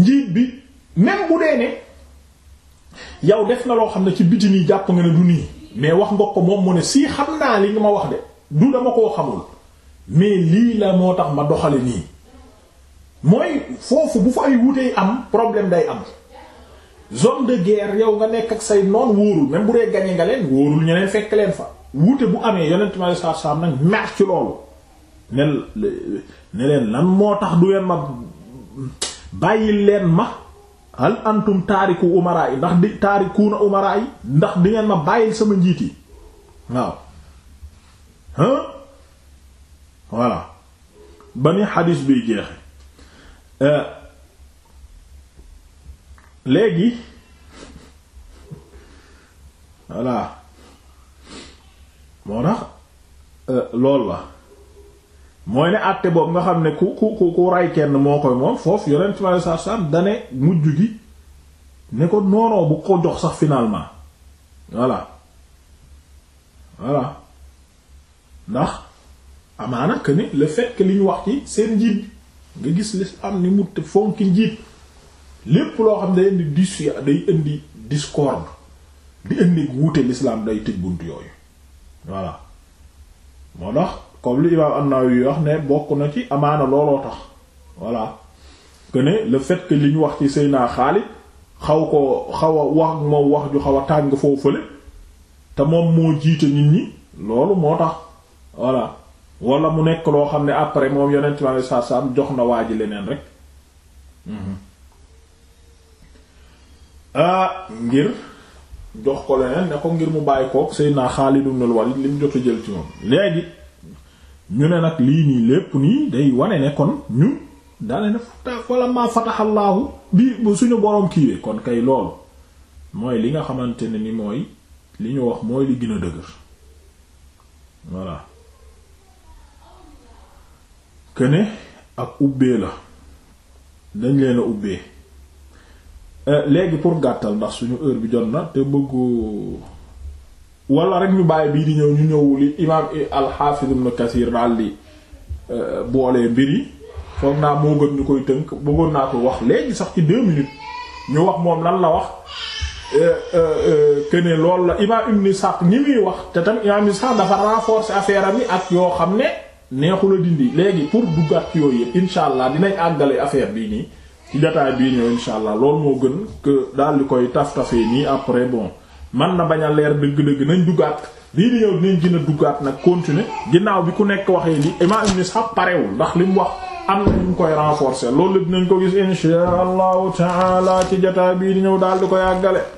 njiit bi même bu dee ne yow def na loo xam ne ci biti nii jàpp nga ne du nii mais wax nga ko moom mu ne si xam naa li nga ma wax de du dama koo xamul mais lii la moo tax ma doxale nii mooy foofu bu fa ay am problème day am zone de guerre yow nga nekk ak say noon wóorul même bu dee gañe nga leen wóorul ñeneen fekk leen fa wuute bu amee yonent mi sallallahu alayhi wasallam nag mer loolu ne ne leen lan moo tax du ngeen ma bàyyil leen ma al antum taariku umara yi ndax di taarikuuna umara ndax di ngeen ma bàyyil sama njiit yi waaw hein voilà ba ni xadiis biy jeexe Euh, léegi voilà moo tax euh, loolu la mooy ne àtte boobu nga xam ne ku ku ku ku kenn moo koy moom foofu yonent ma sa sam dane mujj gi ne ko noonoo bu ko jox sax finalement voilà voilà ndax amaana que ni le fait que li ñu wax ci seen njiit nga gis li am ni mu fonki njiit lépp loo xam ne day indi dis di indi wuute lislaam day tëj bunt yooyu voilà moo tax comme li am an yu wax ne bokk na ci amaana looloo tax voilà que la le li ñu wax ci Seydina Xaalid xaw ko xaw a wax moom wax ju xaw a tàng foofu fële te moom moo jiite nit ñi loolu moo tax voilà wala mu nekk loo xam ne après moom yonent bi saa saa am jox na waa ji leneen rek mhm. ah, ngir jox ko leneen ne ko ngir mu bàyyi kook Seydina Xaalid ibn al-Walid li mu jot a jël ci moom léegi ñu ne nag lii nii lépp nii day wane ne kon ñun daane na wala maa fataxallaahu bi suñu boroom kiiwee kon kay loolu mooy li nga xamante ne ni mooy li ñu wax mooy li gën a dëgër voilà këne ak ubbee la dañ leen a ubbee euh, léegi pour gàttal ndax suñu heure bi jot na te bëggu wala rek ñu bàyyi bii di ñëw ñu ñëw li imaam al-Hafiz Ibn Kathir daal di euh, boolee mbir yi foog naa moo gën ñu koy tënk bëggoon naa ko wax léegi sax ci deux minutes ñu wax moom lan la wax euh, que ne loolu la imaam Ibn Sa'd ñi muy wax te tam imaam Ibn Sa'd dafa renforcer affaire yi ak yoo xam ne. neexul a dindi léegi pour duggaat ci yooyu yëpp incha allah dinañ àggale affaire bii nii ci jotaay bii ñëw incha allah loolu moo gën que daal di koy taf tafee nii après bon man na bañ a leer dëgg-dëgg nañ duggaat lii di ñëw dinañ gën duggaat nag continuer ginnaaw bi ku nekk waxee li imam ibn Ishaq parewul ndax li mu wax am na ñu koy renforcer loolu dinañ ko gis incha allahu taala ci jotaay bii di ñëw daal di koy àggale.